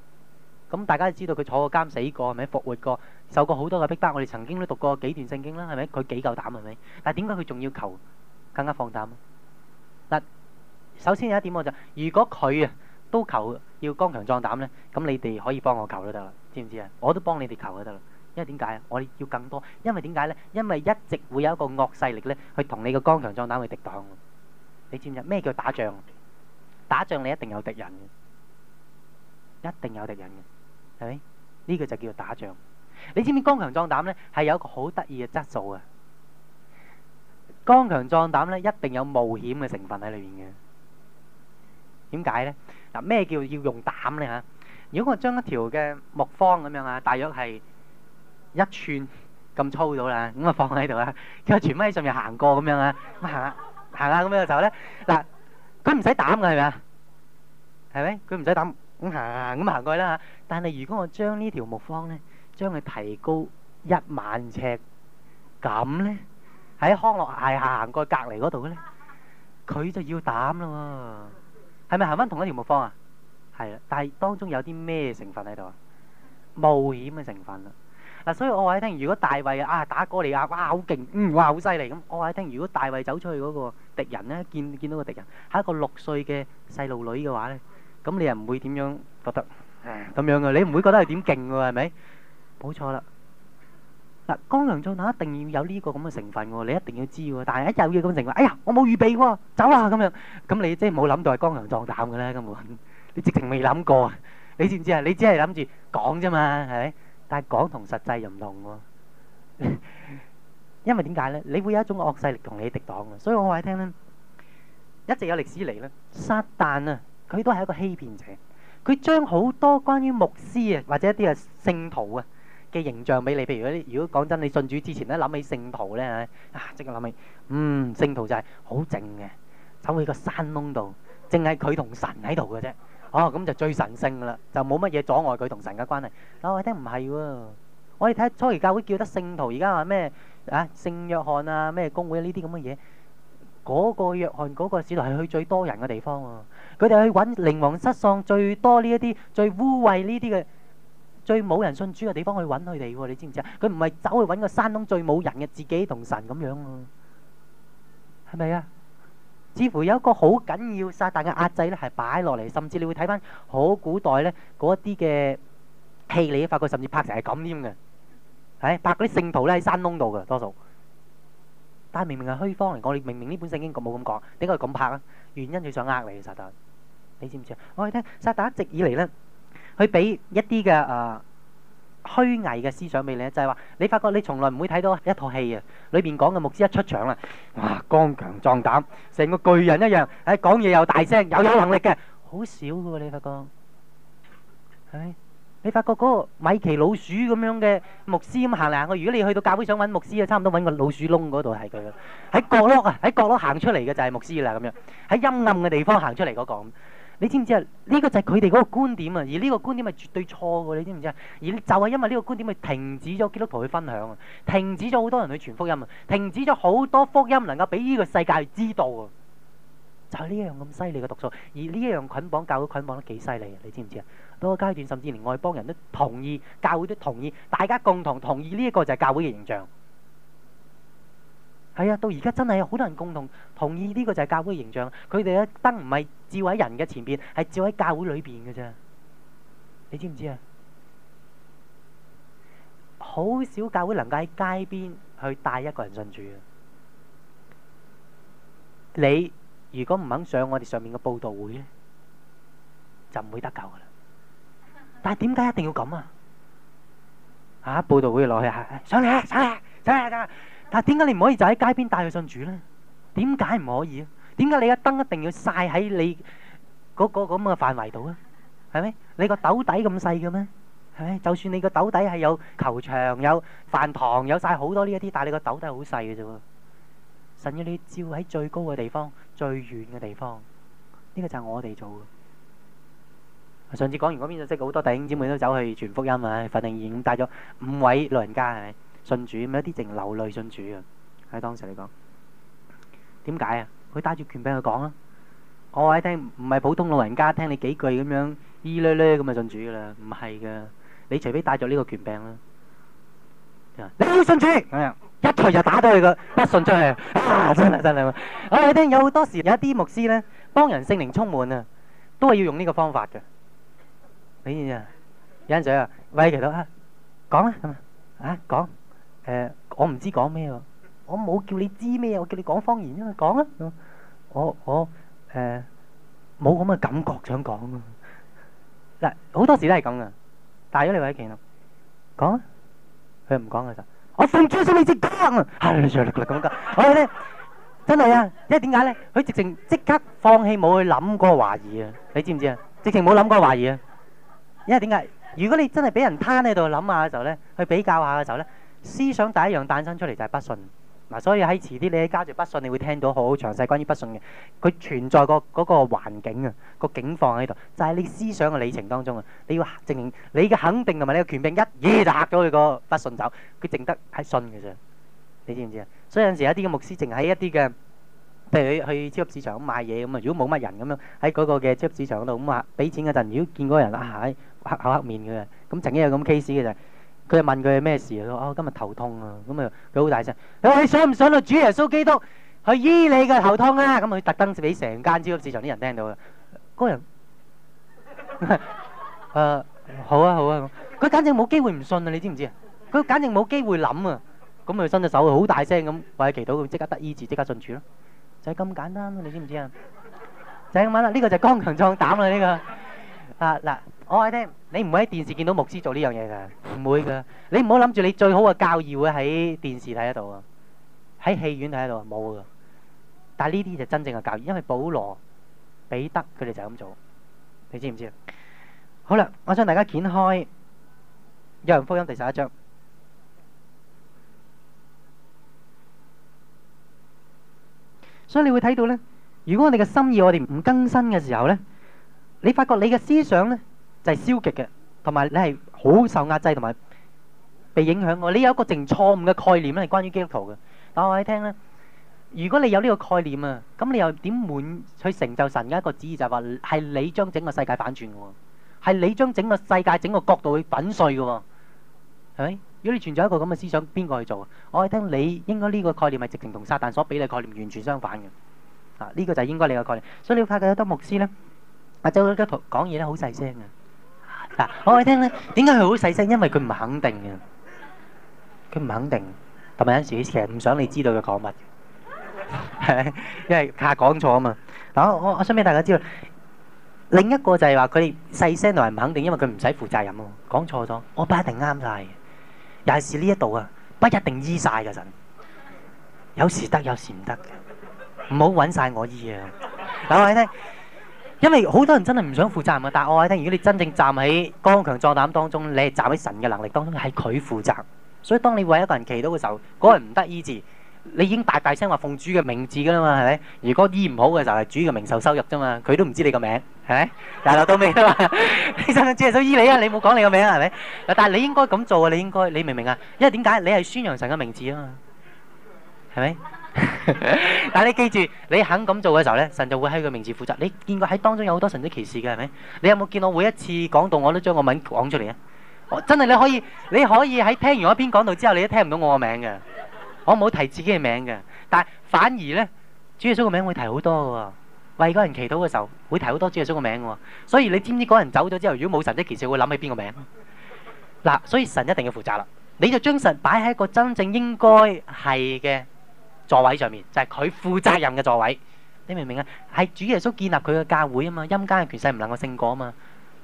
咁大家知道佢坐過監、死過，係咪復活過，受過好多嘅逼迫。我哋曾經都讀過幾段聖經啦，係咪？佢幾夠膽，係咪？但係點解佢仲要求更加放膽啊？嗱，首先有一點我就，如果佢啊都求要剛強壯膽咧，咁你哋可以幫我求都得啦，知唔知啊？我都幫你哋求都得啦。因為點解啊？我要更多，因為點解呢？因為一直會有一個惡勢力呢，去同你嘅剛強壯膽去抵擋。你知唔知咩叫打仗？打仗你一定有敵人，一定有敵人嘅，係咪？呢個就叫做打仗。你知唔知剛強壯膽呢，係有一個好得意嘅質素啊？剛強壯膽呢，一定有冒險嘅成分喺裏面嘅。點解呢？嗱，咩叫要用膽呢吓？如果我將一條嘅木方咁樣啊，大約係。一寸咁粗到啦，咁啊放喺度啊，佢全咪喺上面行過咁樣啊，咁行啊行啊咁嘅時候咧，嗱，佢唔使膽嘅係咪啊？係咪？佢唔使膽咁行行咁行過去啦吓。但係如果我將呢條木方咧，將佢提高一萬尺，咁咧喺康樂崖行過隔籬嗰度咧，佢就要膽啦喎。係咪行翻同一條木方啊？係啊，但係當中有啲咩成分喺度啊？冒險嘅成分啦。嗱，所以我話你聽，如果大衛啊打哥尼亞，哇好勁，嗯，哇好犀利咁。我話你聽，如果大衛走出去嗰個敵人咧，見見到個敵人係一個六歲嘅細路女嘅話咧，咁你又唔會點樣覺得咁樣嘅？你唔會覺得係點勁喎？係咪？冇錯啦。嗱，剛強壯膽一定要有呢個咁嘅成分喎，你一定要知喎。但係一有嘢咁嘅成分，哎呀，我冇預備喎，走啦咁樣。咁你即係冇諗到係剛強壯膽嘅咧，根本你直情未諗過。你知唔知啊？你只係諗住講啫嘛，係咪？但係講同實際又唔同喎，因為點解咧？你會有一種惡勢力同你敵擋嘅，所以我話你聽咧，一直有歷史嚟咧。撒但啊，佢都係一個欺騙者，佢將好多關於牧師啊，或者一啲啊聖徒啊嘅形象俾你。譬如嗰啲，如果講真，你信主之前咧，諗起聖徒咧啊，即刻諗起，嗯，聖徒就係好靜嘅，走去個山窿度，淨係佢同神喺度嘅啫。哦，咁就最神聖噶啦，就冇乜嘢阻礙佢同神嘅關係。哦、我聽唔係喎，我哋睇初期教會叫得聖徒，而家話咩啊聖約翰啊咩公會呢啲咁嘅嘢，嗰、那個約翰嗰個使徒係去最多人嘅地方喎，啊，佢哋去揾靈魂失喪最多呢一啲最污穢呢啲嘅最冇人信主嘅地方去揾佢哋喎，你知唔知啊？佢唔係走去揾個山窿最冇人嘅自己同神咁樣喎，係咪啊？似乎有一個好緊要撒旦嘅壓制咧，係擺落嚟，甚至你會睇翻好古代咧嗰一啲嘅戲你都發覺，甚至拍成係咁添嘅，係拍嗰啲聖徒咧喺山窿度嘅多數，但係明明係虛荒嚟講，你明明呢本聖經冇咁講，點解要咁拍啊？原因佢想呃你，撒旦，你知唔知啊？我哋聽撒旦一直以嚟咧，佢俾一啲嘅啊。虛偽嘅思想魅力，就係話你發覺你從來唔會睇到一套戲啊！裏邊講嘅牧師一出場啦，哇！剛強壯膽，成個巨人一樣，喺講嘢又大聲，又有能力嘅，好少嘅喎！你發覺係咪？你發覺嗰個米奇老鼠咁樣嘅牧師咁行嚟行去，如果你去到教會想揾牧師啊，差唔多揾個老鼠窿嗰度係佢啦，喺角落啊，喺角落行出嚟嘅就係牧師啦咁樣，喺陰暗嘅地方行出嚟嗰個。你知唔知啊？呢、這個就係佢哋嗰個觀點啊，而呢個觀點係絕對錯嘅，你知唔知啊？而就係因為呢個觀點，係停止咗基督徒去分享，啊，停止咗好多人去傳福音，啊，停止咗好多福音能夠俾呢個世界知道啊！就係呢一樣咁犀利嘅毒素，而呢一樣捆綁教會捆綁得幾犀利啊？你知唔知啊？多個階段，甚至連外邦人都同意，教會都同意，大家共同同意呢一、這個就係教會嘅形象。係啊，到而家真係有好多人共同同意呢個就係教會形象。佢哋嘅燈唔係照喺人嘅前邊，係照喺教會裏邊嘅啫。你知唔知啊？好少教會能夠喺街邊去帶一個人信主嘅。你如果唔肯上我哋上面嘅佈道會咧，就唔會得救噶啦。但係點解一定要咁啊？嚇！佈道會落去嚇，上嚟啊！上嚟！上嚟！上嚟！但係點解你唔可以就喺街邊帶佢信主呢？點解唔可以啊？點解你嘅燈一定要曬喺你嗰個咁嘅範圍度啊？係咪？你個斗底咁細嘅咩？係咪？就算你個斗底係有球場、有飯堂、有曬好多呢一啲，但係你個斗底好細嘅啫喎。神要你照喺最高嘅地方、最遠嘅地方，呢個就係我哋做嘅。上次講完嗰邊就識好多弟兄姊妹都走去傳福音啊，憤然已經帶咗五位老人家係咪？信主咪一啲淨流淚信主嘅，喺當時嚟講，點解啊？佢帶住權柄去講啦，我話你聽唔係普通老人家聽你幾句咁樣依咧咧咁就信主噶啦，唔係噶，你除非帶咗呢個權柄啦。你要信主，一提就打到佢個不信出去，啊真係真係！我話你聽有好多時有一啲牧師呢，幫人性靈充滿啊，都係要用呢個方法嘅。你知唔知啊？欣仔啊，喂其多啊，講啦咁啊，啊講。誒，我唔知講咩喎，我冇叫你知咩啊，我叫你講方言啫嘛，講啊！我我誒冇咁嘅感覺想講啊，嗱好多時都係咁啊，但係如果你話一件咯，講啊，佢唔講嘅就，我奉旨要你接講啊，係啦，咁嘅，所以真係啊，因為點解咧？佢直情即刻放棄冇去諗過懷疑啊，你知唔知啊？直情冇諗過懷疑啊，因為點解？如果你真係俾人攤喺度諗下嘅時候咧，去比較下嘅時候咧。思想第一樣誕生出嚟就係不信，嗱，所以喺遲啲你喺家住不信，你會聽到好詳細關於不信嘅，佢存在個嗰個環境啊，個境況喺度，就係你思想嘅里程當中啊，你要證明你嘅肯定同埋你嘅權柄一嘢就嚇咗佢個不信走，佢淨得係信嘅啫，你知唔知啊？所以有陣時一啲嘅牧師淨喺一啲嘅，譬如去超級市場咁買嘢咁啊，如果冇乜人咁樣喺嗰個嘅超級市場嗰度咁啊，俾錢嗰陣，如果見嗰個人啊喺黑口黑面嘅，咁曾經有咁嘅 case 嘅咋。佢就問佢係咩事？佢話：哦，今日頭痛啊！咁啊，佢好大聲。佢話：你想唔想我主耶穌基督去醫你嘅頭痛啊？咁佢特登俾成間超級市場啲人聽到嘅。嗰人，誒，好啊，好啊！佢簡直冇機會唔信啊！你知唔知啊？佢簡直冇機會諗啊！咁佢伸隻手，好大聲咁，話祈禱，佢即刻得醫治，即刻進駐咯。就係咁簡單，你知唔知啊？就係咁樣啦。呢個就剛強壯膽啦，呢個啊嗱。我話你聽，你唔會喺電視見到牧師做呢樣嘢㗎，唔會㗎。你唔好諗住你最好嘅教義會喺電視睇得到，喺戲院睇得到，冇㗎。但係呢啲就真正嘅教義，因為保羅、彼得佢哋就係咁做，你知唔知啊？好啦，我想大家掀開。有人福音第十一章，所以你會睇到咧。如果我哋嘅心意，我哋唔更新嘅時候咧，你發覺你嘅思想咧，就係消極嘅，同埋你係好受壓制，同埋被影響喎。你有一個正錯誤嘅概念咧，係關於基督徒嘅。但我話你聽咧，如果你有呢個概念啊，咁你又點滿去成就神嘅一個旨意？就係話係你將整個世界反轉嘅喎，係你將整個世界整個角度去粉碎嘅喎，係咪？如果你存在一個咁嘅思想，邊個去做？我話你聽，你應該呢個概念係直情同撒旦所俾你概念完全相反嘅。啊，呢、呢個就應該你嘅概念。所以你發覺有啲牧師咧，或者基督徒講嘢咧，好細聲嘅。嗱，我去聽咧，點解佢好細聲？因為佢唔肯定嘅，佢唔肯定，同埋有陣時其實唔想你知道佢講乜，因為怕講錯啊嘛。嗱，我我我想俾大家知道，另一個就係話佢哋細聲同埋唔肯定，因為佢唔使負責任喎，講錯咗，我不一定啱曬，尤其是呢一度啊，不一定醫曬嘅人，有時得有時唔得嘅，唔好揾曬我醫啊！等我去聽。因為好多人真係唔想負責任嘅，但係我話你聽，如果你真正站喺剛強壯膽當中，你係站喺神嘅能力當中，係佢負責。所以當你為一個人祈禱嘅時候，嗰人唔得醫治，你已經大大聲話奉主嘅名字㗎啦嘛，係咪？如果醫唔好嘅時候係主嘅名受收入啫嘛，佢都唔知你個名，係咪？大佬都未得。啊嘛，醫生只係想醫你啊，你冇講你個名係咪？但係你應該咁做啊，你應該，你明唔明啊？因為點解？你係宣揚神嘅名字啊嘛，係咪？ 但係你記住，你肯咁做嘅時候咧，神就會喺個名字負責。你見過喺當中有好多神蹟奇事嘅係咪？你有冇見我每一次講道我都將個名講出嚟啊？真係你可以，你可以喺聽完我一篇講道之後，你都聽唔到我個名嘅，我冇提自己嘅名嘅。但係反而呢，主耶穌個名會提好多嘅。為嗰人祈禱嘅時候會提好多主耶穌個名嘅。所以你知唔知嗰人走咗之後，如果冇神蹟奇事，會諗起邊個名？嗱， 所以神一定要負責啦。你就將神擺喺一個真正應該係嘅，座位上面就係佢負責任嘅座位，你明唔明啊？係主耶穌建立佢嘅教會啊嘛，陰間嘅權勢唔能夠勝過啊嘛，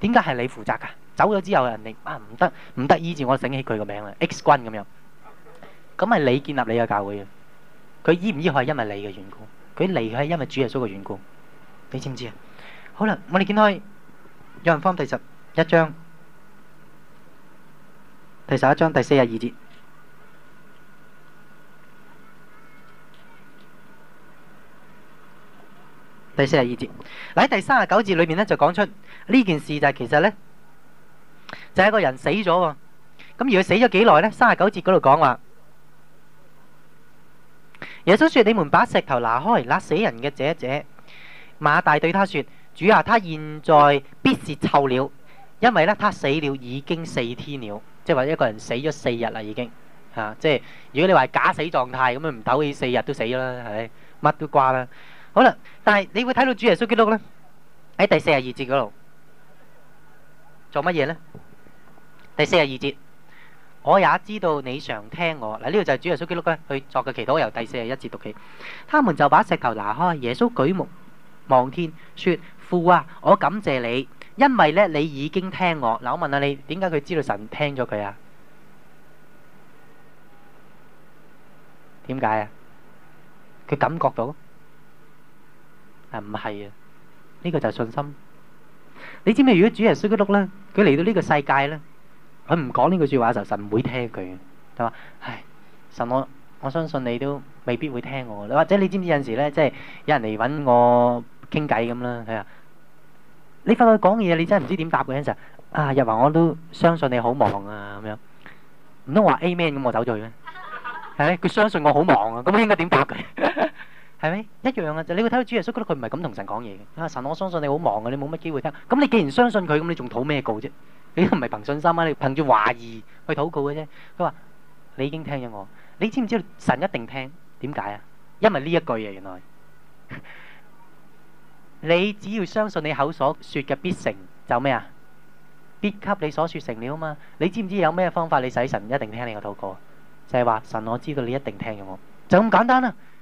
點解係你負責噶？走咗之後人哋啊唔得唔得依住我醒起佢個名啦，X 君咁樣，咁係你建立你嘅教會，佢依唔依靠係因為你嘅緣故，佢離係因為主耶穌嘅緣故，你知唔知啊？好啦，我哋見開約翰福音第十一章，第十一章第四十二節。第四十二節，嗱喺第三十九節裏面咧就講出呢件事就係、是、其實咧就係、是、一個人死咗喎，咁如果死咗幾耐咧？三十九節嗰度講話，耶穌說：你們把石頭拿開，那死人嘅姊姊馬大對他說：主啊，他現在必是臭了，因為咧他死了已經四天了，即係話一個人死咗四日啦已經，吓、啊、即係如果你話假死狀態咁樣唔抖起四日都死啦，唉，乜都瓜啦。好啦，但係你會睇到主耶穌基督咧喺第四十二節嗰度做乜嘢咧？第四十二節，我也知道你常聽我嗱，呢度就係主耶穌基督咧，佢作嘅祈禱。由第四十一節讀起，他們就把石頭拿開。耶穌舉目望天，說父啊，我感謝你，因為咧你已經聽我嗱。我問下你，點解佢知道神聽咗佢啊？點解啊？佢感覺到。啊，唔係啊！呢個就係信心。你知唔知如果主耶穌基督咧，佢嚟到呢個世界咧，佢唔講呢句說話嘅時候，神唔會聽佢。佢話：唉，神我我相信你都未必會聽我。你或者你知唔知有陣時咧，即係有人嚟搵我傾偈咁啦，佢話：你發覺佢講嘢，你真係唔知點答嘅。有陣時啊，日華我都相信你好忙啊，咁樣唔通我話 Amen 咁我走咗嘅？係，佢相信我好忙啊，咁應該點答佢？ 係咪？一樣啊！就你會睇到主耶穌，覺得佢唔係咁同神講嘢嘅。啊，神，我相信你好忙啊，你冇乜機會聽。咁你既然相信佢，咁你仲禱咩告啫？你都唔係憑信心啊？你憑住懷疑去禱告嘅啫。佢話你已經聽咗我，你知唔知神一定聽？點解啊？因為呢一句啊，原來 你只要相信你口所說嘅必成，就咩、是、啊？必給你所說成了啊嘛！你知唔知有咩方法你使神一定聽你嘅禱告？就係、是、話神我知道你一定聽咗我，就咁簡單啊。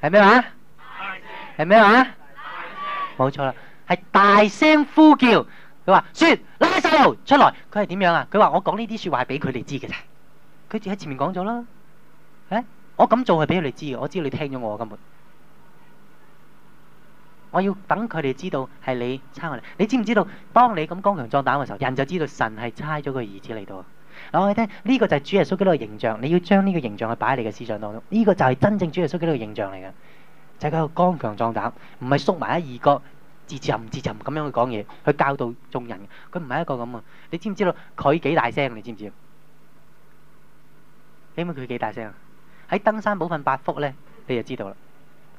係咩話？係咩話？冇錯啦，係大聲呼叫。佢話說拉撒路出來，佢係點樣啊？佢話我講呢啲說話俾佢哋知嘅啫。佢就喺前面講咗啦。誒，我咁做係俾佢哋知嘅，我知道你聽咗我今日。我要等佢哋知道係你差我嚟。你知唔知道？當你咁剛強壯膽嘅時候，人就知道神係差咗個兒子嚟到。我哋聽呢個就係主耶穌基督嘅形象，你要將呢個形象去擺喺你嘅思想當中。呢個就係真正主耶穌基督嘅形象嚟嘅，就係佢個剛強壯膽，唔係縮埋喺一角，自沉自沉咁樣去講嘢，去教導眾人。佢唔係一個咁啊！你知唔知道佢幾大聲？你知唔知？起碼佢幾大聲啊？喺登山寶訓八福咧，你就知道啦。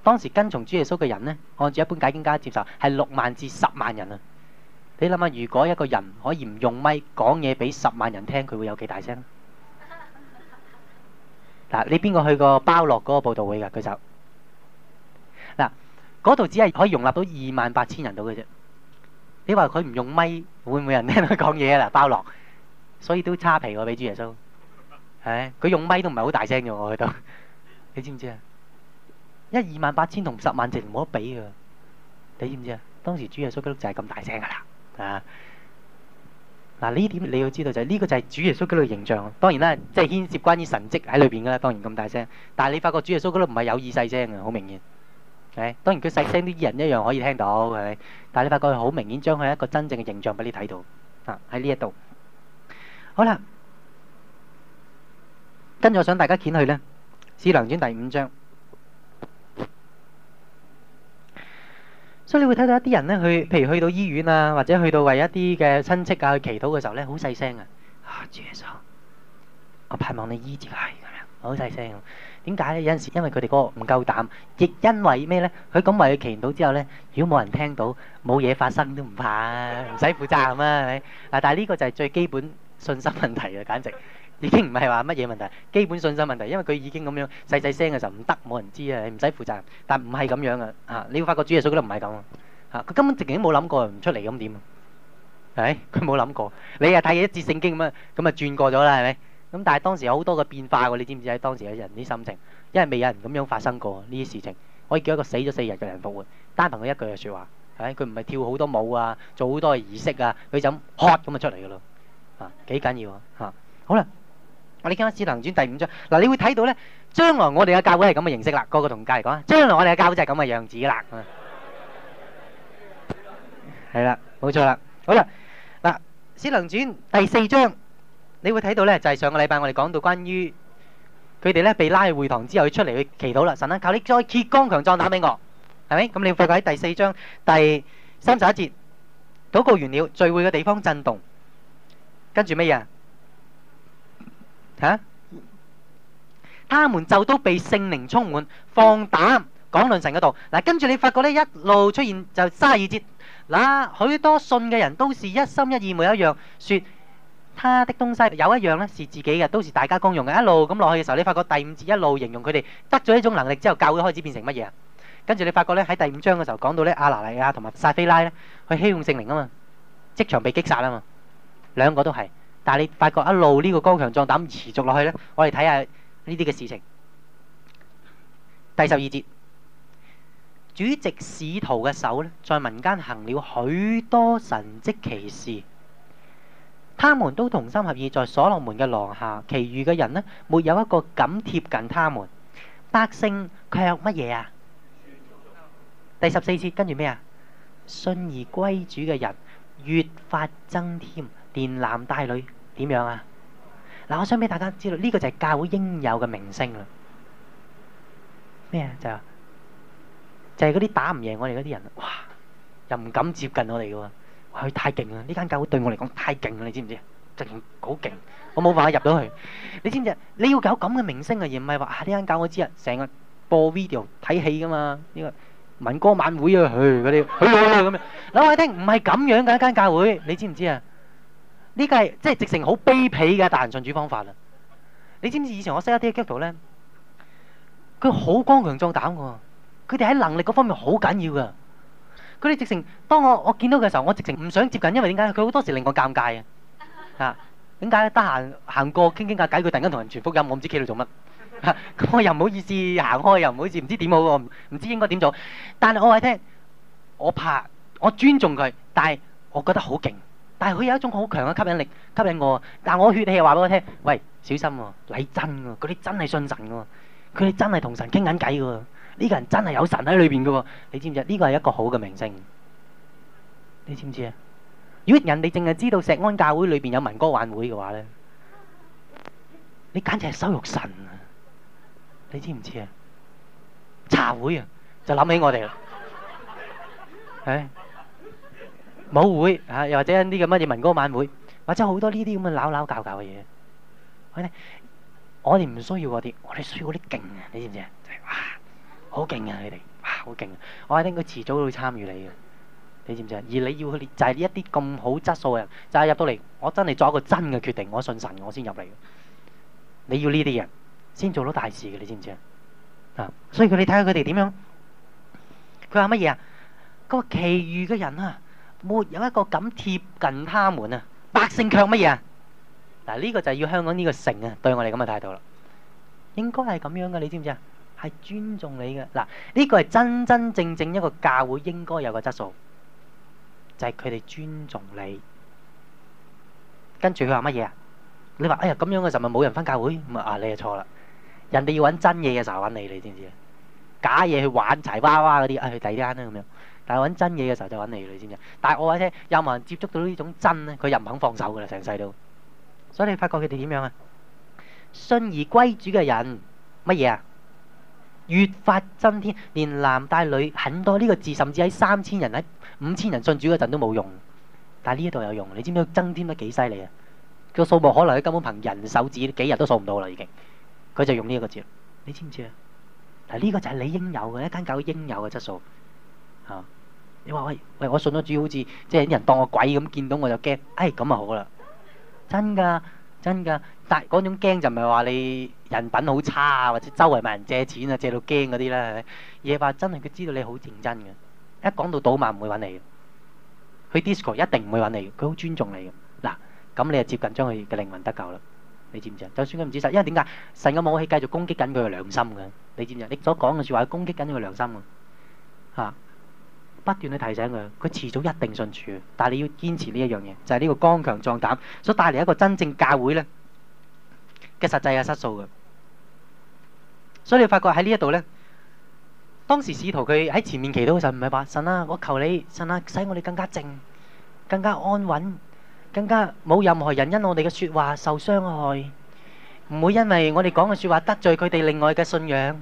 當時跟從主耶穌嘅人咧，按照一般解經家接受，係六萬至十萬人啊。你諗下，如果一個人可以唔用咪講嘢俾十萬人聽，佢會有幾大聲？嗱，你邊個去過包樂嗰個報道會㗎？舉手嗱，嗰度只係可以容納到二萬八千人到嘅啫。你話佢唔用咪，會唔會有人聽佢講嘢啊？嗱，包樂，所以都差皮喎，俾主耶穌。係，佢用咪都唔係好大聲嘅，我去到，你知唔知啊？一二萬八千同十萬人冇得比㗎，你知唔知啊？當時主耶穌基督就係咁大聲㗎啦。啊！嗱，呢點你要知道就係呢個就係主耶穌嗰個形象。當然啦，即係牽涉關於神蹟喺裏邊噶啦。當然咁大聲，但係你發覺主耶穌嗰度唔係有意細聲嘅，好明顯係。當然佢細聲啲人一樣可以聽到係咪？但係你發覺佢好明顯將佢一個真正嘅形象俾你睇到啊！喺呢一度好啦，跟住我想大家掀去呢《使徒行傳》第五章。所以你會睇到一啲人咧，去譬如去到醫院啊，或者去到為一啲嘅親戚啊去祈禱嘅時候咧，好細聲啊！啊，主耶穌，我盼望你醫治佢，咁樣好細聲。點解咧？有陣時因為佢哋嗰個唔夠膽，亦因為咩咧？佢咁為佢祈禱之後咧，如果冇人聽到，冇嘢發生都唔怕啊，唔使負責任啊，係咪？嗱，但係呢個就係最基本信心問題啊，簡直。已經唔係話乜嘢問題，基本信心問題，因為佢已經咁樣細細聲嘅時候唔得，冇人知啊，你唔使負責任。但唔係咁樣啊，嚇！你要發覺主耶穌嗰度唔係咁啊，嚇！佢根本直情冇諗過唔出嚟咁點啊？係佢冇諗過。你又睇嘢一節聖經咁啊，咁啊轉過咗啦係咪？咁但係當時有好多嘅變化喎，你知唔知？當時嘅人啲心情，因為未有人咁樣發生過呢啲事情，可以叫一個死咗四日嘅人復活，單憑佢一句嘅説話。係佢唔係跳好多舞啊，做好多儀式啊，佢就咁喝咁就出嚟噶咯。嚇、啊，幾緊要啊？嚇、啊，好啦。我哋傾下《使徒行傳》第五章，嗱，你會睇到咧，將來我哋嘅教會係咁嘅形式啦。個個同佳怡講，將來我哋嘅教會就係咁嘅樣子啦。係啦，冇錯啦。好啦，嗱，《使徒行傳》第四章，你會睇到咧，就係上個禮拜我哋講到關於佢哋咧被拉去會堂之後，佢出嚟去祈禱啦。神啊，求你再賜剛強壯膽俾我，係咪？咁你要發覺喺第四章第三十一節，禱告完了，聚會嘅地方震動，跟住咩嘢？嚇！他們就都被聖靈充滿，放膽講論神嗰度。嗱，跟住你發覺咧，一路出現就卅二節嗱，許多信嘅人都是一心一意，冇一樣説他的東西，有一樣咧是自己嘅，都是大家公用嘅。一路咁落去嘅時候，你發覺第五節一路形容佢哋得咗呢種能力之後，教會開始變成乜嘢啊？跟住你發覺咧喺第五章嘅時候講到咧，亞拿尼亞同埋撒非拉咧，佢欺哄聖靈啊嘛，即場被擊殺啊嘛，兩個都係。但係你發覺一路呢個剛強壯膽持續落去呢，我哋睇下呢啲嘅事情。第十二節，主席使徒嘅手呢，在民間行了許多神蹟奇事，他們都同心合意在所羅門嘅廊下，其餘嘅人呢，沒有一個敢貼近他們，百姓卻有乜嘢啊？第十四節，跟住咩啊？信而歸主嘅人越發增添。電男帶女點樣啊？嗱，我想俾大家知道，呢個就係教會應有嘅明星啦。咩啊？就就係嗰啲打唔贏我哋嗰啲人，哇！又唔敢接近我哋嘅喎，佢太勁啦！呢間教會對我嚟講太勁啦，你知唔知？真好勁，我冇辦法入到去。你知唔知？你要搞咁嘅明星啊，而唔係話啊呢間教會我知啊，成日播 video 睇戲噶嘛？呢個民歌晚會啊，去嗰啲許諾啊咁。老細聽，唔係咁樣嘅一間教會，你知唔知啊？呢個係即係直情好卑鄙嘅達人相處方法啦！你知唔知以前我識一啲嘅基督徒咧，佢好剛強壯膽嘅，佢哋喺能力嗰方面好緊要噶。佢哋直情，當我我見到嘅時候，我直情唔想接近，因為點解？佢好多時令我尷尬嘅吓，點解？得閒行過傾傾下偈，佢突然間同人傳福音，我唔知企度做乜，咁我又唔好意思行開，又唔好意思，唔知點好，唔知應該點做。但係我話聽，我怕我尊重佢，但係我覺得好勁。但係佢有一種好強嘅吸引力，吸引我。但我血氣又話俾我聽，喂，小心喎、啊，你真喎、啊，嗰啲真係信神嘅、啊、喎，佢哋真係同神傾緊偈嘅喎，呢、這個人真係有神喺裏邊嘅喎，你知唔知啊？呢個係一個好嘅明星，你知唔知啊？如果人哋淨係知道石安教會裏邊有民歌晚會嘅話呢，你簡直係羞辱神啊！你知唔知啊？茶會啊，就諗起我哋啦，係。舞會啊，又或者啲咁乜嘢民歌晚會，或者好多呢啲咁嘅鬧鬧搞搞嘅嘢。我哋唔需要嗰啲，我哋需要啲勁啊，你知唔知啊？就係哇，好勁啊佢哋，哇，好勁！我應該遲早會參與你嘅，你知唔知啊？而你要佢哋就係一啲咁好質素嘅人，就係入到嚟，我真係作一個真嘅決定，我信神，我先入嚟嘅。你要呢啲人先做到大事嘅，你知唔知啊？啊，所以佢你睇下佢哋點樣？佢話乜嘢啊？個其餘嘅人啊！沒有一個咁貼近他們啊，百姓卻乜嘢啊？嗱，呢個就係要香港呢個城啊，對我哋咁嘅態度啦，應該係咁樣嘅，你知唔知啊？係尊重你嘅，嗱、啊，呢、呢個係真真正正一個教會應該有嘅質素，就係佢哋尊重你。跟住佢話乜嘢啊？你話哎呀咁樣嘅時候咪冇人返教會？咁啊，你係錯啦，人哋要揾真嘢嘅時候揾你，你知唔知巴巴巴、哎、啊？假嘢去玩柴娃娃嗰啲，哎去第二間啦咁樣。但係揾真嘢嘅時候就揾女女先嘅，但係我話你聽有冇人接觸到呢種真咧？佢又唔肯放手㗎啦，成世都，所以你發覺佢哋點樣啊？信而歸主嘅人乜嘢啊？越發增添，連男帶女，很多呢個字，甚至喺三千人、喺五千人信主嗰陣都冇用，但係呢一度有用。你知唔知佢增添得幾犀利啊？個數目可能佢根本憑人手指幾日都數唔到啦，已經。佢就用呢一個字。你知唔知啊？但係呢個就係你應有嘅一間教應有嘅質素，嚇。你話喂喂，我信咗主，好似即係啲人當我鬼咁，見到我就驚。哎，咁啊好啦，真噶真噶。但係嗰種驚就唔係話你人品好差啊，或者周圍問人借錢啊，借到驚嗰啲啦。嘢話真係佢知道你好認真嘅。一講到賭馬唔會揾你，佢 disco 一定唔會揾你。佢好尊重你嘅。嗱，咁你就接近將佢嘅靈魂得救啦。你知唔知啊？就算佢唔接受，因為點解神嘅武器繼續攻擊緊佢嘅良心嘅？你知唔知啊？你所講嘅説話攻擊緊佢嘅良心啊。嚇！不斷去提醒佢，佢遲早一定信主嘅。但係你要堅持呢一樣嘢，就係呢個剛強壯膽所帶嚟一個真正教會咧嘅實際嘅質素嘅。所以你發覺喺呢一度咧，當時使徒佢喺前面祈禱嘅時候，唔係話神啊，我求你神啊，使我哋更加靜、更加安穩、更加冇任何人因我哋嘅說話受傷害，唔會因為我哋講嘅說話得罪佢哋另外嘅信仰，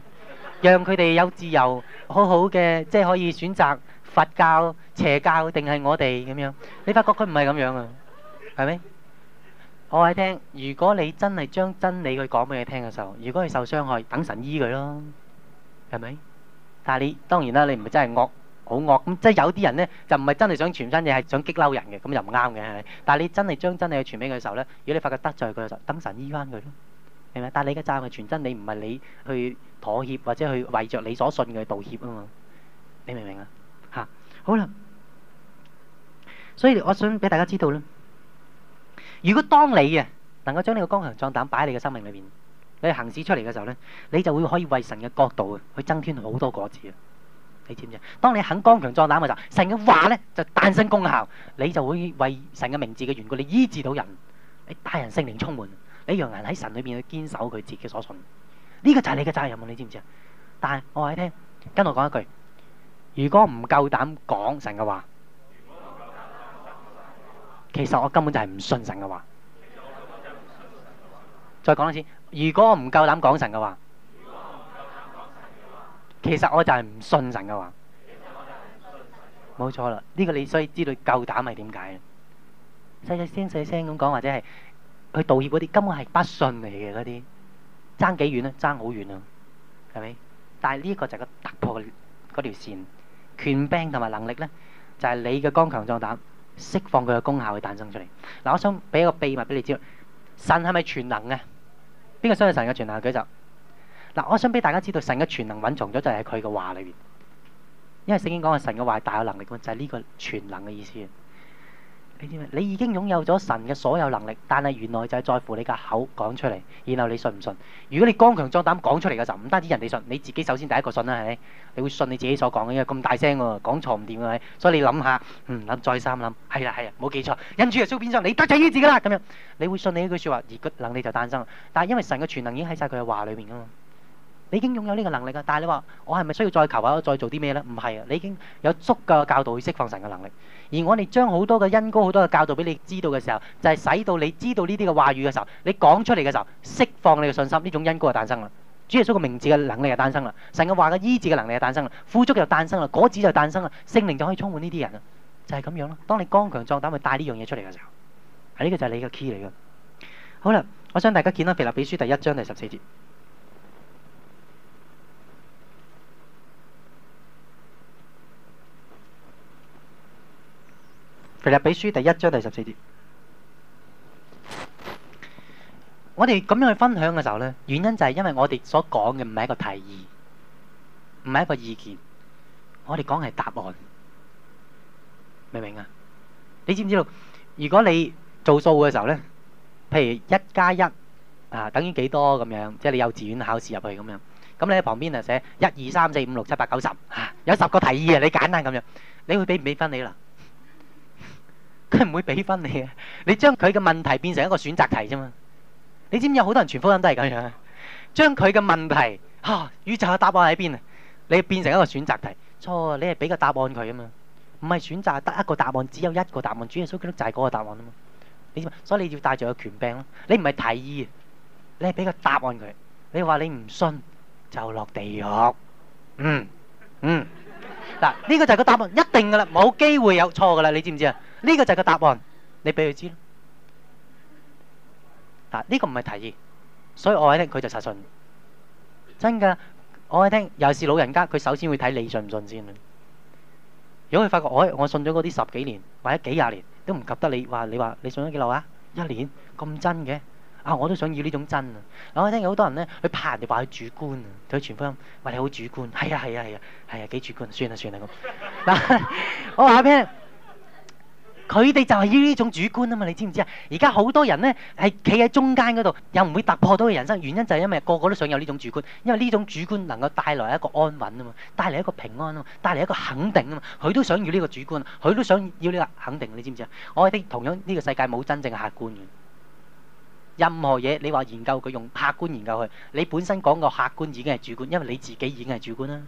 讓佢哋有自由，好好嘅即係可以選擇。佛教邪教定係我哋咁樣？你發覺佢唔係咁樣啊，係咪？我喺聽，如果你真係將真理去講俾佢聽嘅時候，如果佢受傷害，等神醫佢咯，係咪？但係你當然啦，你唔係真係惡，好惡咁，即係有啲人咧就唔係真係想傳真理，係想激嬲人嘅，咁又唔啱嘅。係咪？但係你真係將真理去傳俾佢嘅時候咧，如果你發覺得罪佢，就等神醫翻佢咯，明唔明？但係你嘅責任係傳真理，唔係你去妥協或者去爲著你所信嘅道歉啊嘛，你明唔明啊？好啦，所以我想俾大家知道咧，如果當你啊能夠將呢個剛強壯膽擺喺你嘅生命裏邊，你行使出嚟嘅時候咧，你就會可以為神嘅國度去增添好多果子啊！你知唔知？當你肯剛強壯膽嘅時候，神嘅話咧就誕生功效，你就會為神嘅名字嘅緣故，你醫治到人，你帶人性靈充滿，你讓人喺神裏邊去堅守佢自己所信。呢、這個就係你嘅責任，你知唔知啊？但係我話你聽，跟我講一句。如果唔夠膽講神嘅話，其實我根本就係唔信神嘅話。話再講多次，如果我唔夠膽講神嘅話，話其實我就係唔信神嘅話。冇錯啦，呢、這個你所以知道夠膽係點解？細細聲細聲咁講或者係去道歉嗰啲，根本係不信嚟嘅嗰啲，爭幾遠咧？爭好遠啊，係咪？但係呢一個就係個突破嗰條線。權柄同埋能力呢，就係、是、你嘅剛強壯膽釋放佢嘅功效去誕生出嚟。嗱，我想俾一個秘密俾你知，神係咪全能嘅？邊個相信神嘅全能？舉手。嗱，我想俾大家知道，神嘅全能蘊藏咗就係佢嘅話裏邊，因為聖經講啊，神嘅話大有能力就係、是、呢個全能嘅意思。你已經擁有咗神嘅所有能力，但係原來就係在乎你嘅口講出嚟，然後你信唔信？如果你剛強壯膽講出嚟嘅時候，唔單止人哋信，你自己首先第一個信啦，係咪？你會信你自己所講嘅，因為咁大聲喎，講錯唔掂嘅，所以你諗下，嗯，諗再三諗，係啊係啊，冇記錯，恩住啊，超變相，你得就依字噶啦，咁樣，你會信你呢句説話，而個能力就誕生。但係因為神嘅全能已經喺晒佢嘅話裏面㗎嘛，你已經擁有呢個能力噶，但係你話我係咪需要再求下，再做啲咩呢？唔係啊，你已經有足夠嘅教導去釋放神嘅能力。而我哋將好多嘅恩膏、好多嘅教導俾你知道嘅時候，就係、是、使到你知道呢啲嘅話語嘅時候，你講出嚟嘅時候，釋放你嘅信心，呢種恩膏就誕生啦。主耶穌嘅名字嘅能力就誕生啦。神嘅話嘅醫治嘅能力就誕生啦。富足就誕生啦，果子就誕生啦，聖靈就可以充滿呢啲人啊，就係、是、咁樣咯。當你剛強壯膽去帶呢樣嘢出嚟嘅時候，係、這、呢個就係你嘅 key 嚟嘅。好啦，我想大家見到《腓立比書》第一章第十四節。腓立比書第一章第十四節，我哋咁樣去分享嘅時候咧，原因就係因為我哋所講嘅唔係一個提議，唔係一個意見，我哋講係答案，明唔明啊？你知唔知道？如果你做數嘅時候咧，譬如一加一啊，等於幾多咁樣，即係你幼稚園考試入去咁樣，咁你喺旁邊啊寫一二三四五六七八九十，有十個提議啊，你揀啦咁樣，你會俾唔俾分你啦？佢唔會俾分你嘅，你將佢嘅問題變成一個選擇題啫嘛。你知唔知有好多人全科生都係咁樣，的將佢嘅問題、啊、宇宙嘅答案喺邊啊？你變成一個選擇題，錯你係俾個答案佢啊嘛。唔係選擇得一個答案，只有一個答案，主要蘇格拉就係嗰個答案啊嘛。你所以你要帶住個權柄咯。你唔係提議，你係俾個答案佢。你話你唔信就落地獄。嗯嗯。嗱、啊，呢、呢個就係個答案，一定噶啦，冇機會有錯噶啦，你知唔知啊？呢個就係個答案，你俾佢知嗱，呢個唔係提議，所以我一聽佢就實信，真噶。我一聽又是老人家，佢首先會睇你信唔信先，如果佢發覺，我我信咗嗰啲十幾年或者幾廿年都唔及得你話，你話你信咗幾耐啊？一年咁真嘅啊，我都想要呢種真啊。我一聽好多人咧，佢怕人哋話佢主觀啊，佢傳福音，喂你好主觀，係啊係啊係啊係啊幾主觀，算啦算啦咁。嗱，我話俾你聽。 佢哋就係要呢種主觀啊嘛，你知唔知啊？而家好多人呢，係企喺中間嗰度，又唔會突破到佢人生，原因就係因為個個都想有呢種主觀，因為呢種主觀能夠帶來一個安穩啊嘛，帶嚟一個平安啊嘛，帶嚟一個肯定啊嘛，佢都想要呢個主觀，佢都想要呢個肯定，你知唔知啊？我哋同樣呢個世界冇真正嘅客觀嘅，任何嘢你話研究佢用客觀研究佢，你本身講個客觀已經係主觀，因為你自己已經係主觀啦。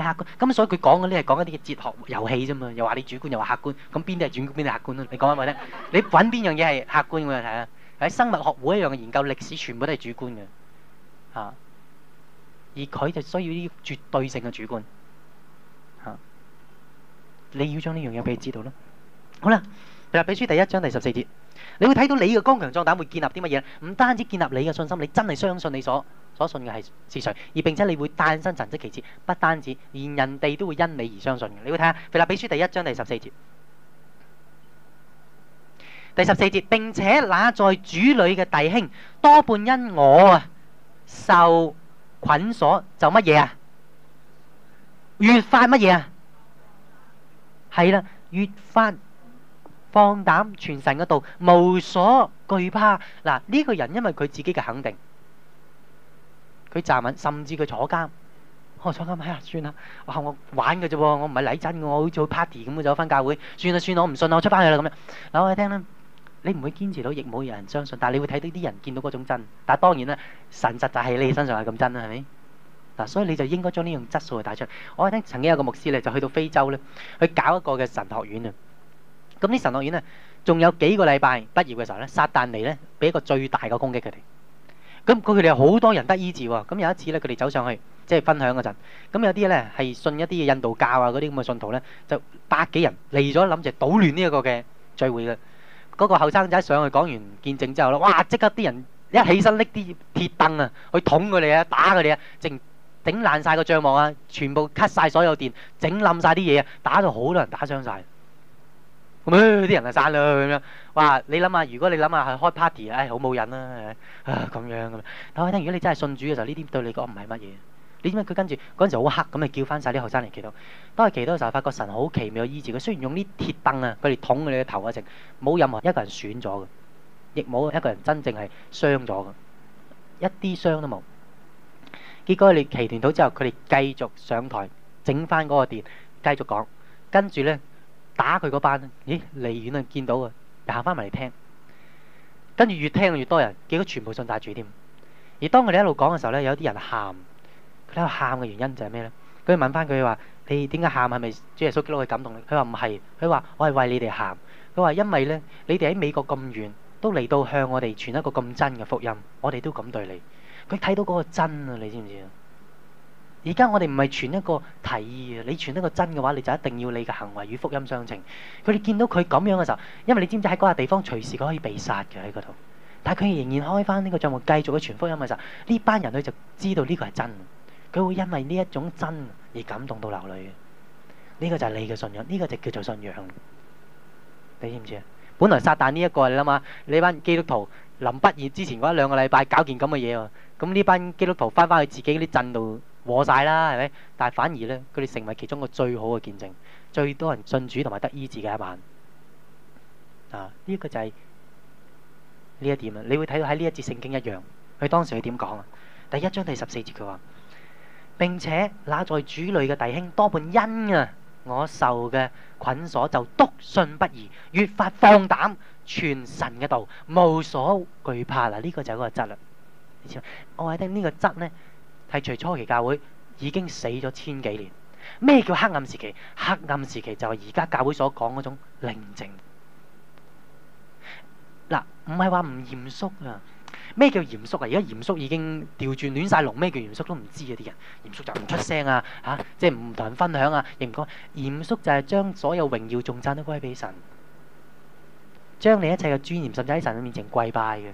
客觀，咁所以佢講嗰啲係講一啲嘅哲學遊戲啫嘛，又話你主觀，又話客觀，咁邊啲係主觀，邊啲客觀啊？你講下我聽，你揾邊樣嘢係客觀嘅又睇。喺生物學會一樣嘅研究，歷史全部都係主觀嘅，啊，而佢就需要呢啲絕對性嘅主觀，啊，你要將呢樣嘢俾佢知道啦。好啦，《腓立比書》第一章第十四節，你會睇到你嘅剛強壯膽會建立啲乜嘢？唔單止建立你嘅信心，你真係相信你所。所信嘅係是誰，而並且你會誕生神蹟奇事，不單止，連人哋都會因你而相信嘅。你會睇下《腓立比書》第一章第十四節，第十四節，並且那在主裏嘅弟兄，多半因我啊受捆鎖，就乜嘢啊？越發乜嘢啊？係啦、啊，越發放膽傳神嘅道，無所懼怕。嗱，呢、這個人因為佢自己嘅肯定。佢站穩，甚至佢坐監。我、哦、坐監咩、哎、呀，算啦，我我玩嘅啫喎，我唔係禮真嘅，我好似去 party 咁嘅走翻教會。算啦算啦，我唔信啦，我出翻去啦咁樣。嗱，我哋聽咧，你唔會堅持到，亦冇人相信，但係你會睇到啲人見到嗰種真。但係當然啦，神實就係你身上係咁真啦，係咪？嗱，所以你就應該將呢樣質素去帶出嚟。我聽曾經有個牧師咧，就去到非洲咧，去搞一個嘅神學院啊。咁啲神學院咧，仲有幾個禮拜畢業嘅時候咧，撒旦嚟咧，俾一個最大嘅攻擊佢哋。咁佢哋好多人得醫治喎，咁有一次咧，佢哋走上去即係分享嗰陣，咁有啲咧係信一啲嘅印度教啊嗰啲咁嘅信徒咧，就百幾人嚟咗，諗住搗亂呢一個嘅聚會啦。嗰、嗰個後生仔上去講完見證之後咧，哇！即刻啲人一起身拎啲鐵凳啊，去捅佢哋啊，打佢哋啊，整整爛晒個帳幕啊，全部 cut 曬所有電，整冧晒啲嘢啊，打到好多人打傷晒。咁啲、哎、人啊，散啦咁樣。哇！你諗下，如果你諗下係開 party，唉，好冇癮啊，咁樣咁。但係我聽，如果你真係信主嘅時候，呢啲對你講唔係乜嘢。你點解佢跟住嗰陣時好黑咁啊？叫翻晒啲學生嚟祈禱。當佢祈禱嘅時候，發覺神好奇妙嘅醫治佢。雖然用啲鐵凳啊，佢哋捅佢哋頭嗰、啊、陣，冇任何一個人損咗嘅，亦冇一個人真正係傷咗嘅，一啲傷都冇。結果你祈禱到之後，佢哋繼續上台整翻嗰個電，繼續講。跟住咧。打佢嗰班，咦？離遠啊，見到啊，行翻埋嚟聽。跟住越聽越多人，結果全部信咗主添。而當佢哋一路講嘅時候咧，有啲人喊。佢喺度喊嘅原因就係咩咧？佢問翻佢話：你點解喊？係咪主耶穌基督嘅感動你？佢話唔係，佢話我係為你哋喊。佢話因為咧，你哋喺美國咁遠，都嚟到向我哋傳一個咁真嘅福音，我哋都咁對你。佢睇到嗰個真啊，你知唔知啊？而家我哋唔係傳一個提議啊！你傳一個真嘅話，你就一定要你嘅行為與福音相稱。佢哋見到佢咁樣嘅時候，因為你知唔知喺嗰個地方隨時可以被殺嘅喺嗰度，但係佢仍然開翻呢個帳戶，繼續去傳福音嘅時候，呢班人佢就知道呢個係真，佢會因為呢一種真而感動到流淚嘅。呢個就係你嘅信仰，呢個就叫做信仰。你知唔知啊？本來撒旦呢一個嚟啦嘛，你諗下，你班基督徒臨畢業之前嗰一兩個禮拜搞件咁嘅嘢喎，咁呢班基督徒翻翻去自己啲鎮度。和晒啦，係咪？但係反而咧，佢哋成為其中個最好嘅見證，最多人信主同埋得醫治嘅一晚。啊，呢一個就係呢一點啊，你會睇到喺呢一節聖經一樣，佢當時佢點講啊？第一章第十四節佢話：並且那在主裏嘅弟兄多半因啊我受嘅捆鎖就篤信不疑，越發放膽傳神嘅道，無所懼怕啦。呢個就係嗰個質啦。我喺聽呢個質呢。係除咗初期教會已經死咗千幾年，咩叫黑暗時期？黑暗時期就係而家教會所講嗰種寧靜。嗱，唔係話唔嚴肅啊？咩叫嚴肅啊？而家嚴肅已經調轉亂晒龍，咩叫嚴肅都唔知啊！啲人嚴肅就唔出聲啊，吓即係唔同人分享啊，亦唔講，嚴肅就係將所有榮耀頌讚都歸俾神，將你一切嘅尊嚴甚至喺神嘅面前跪拜嘅，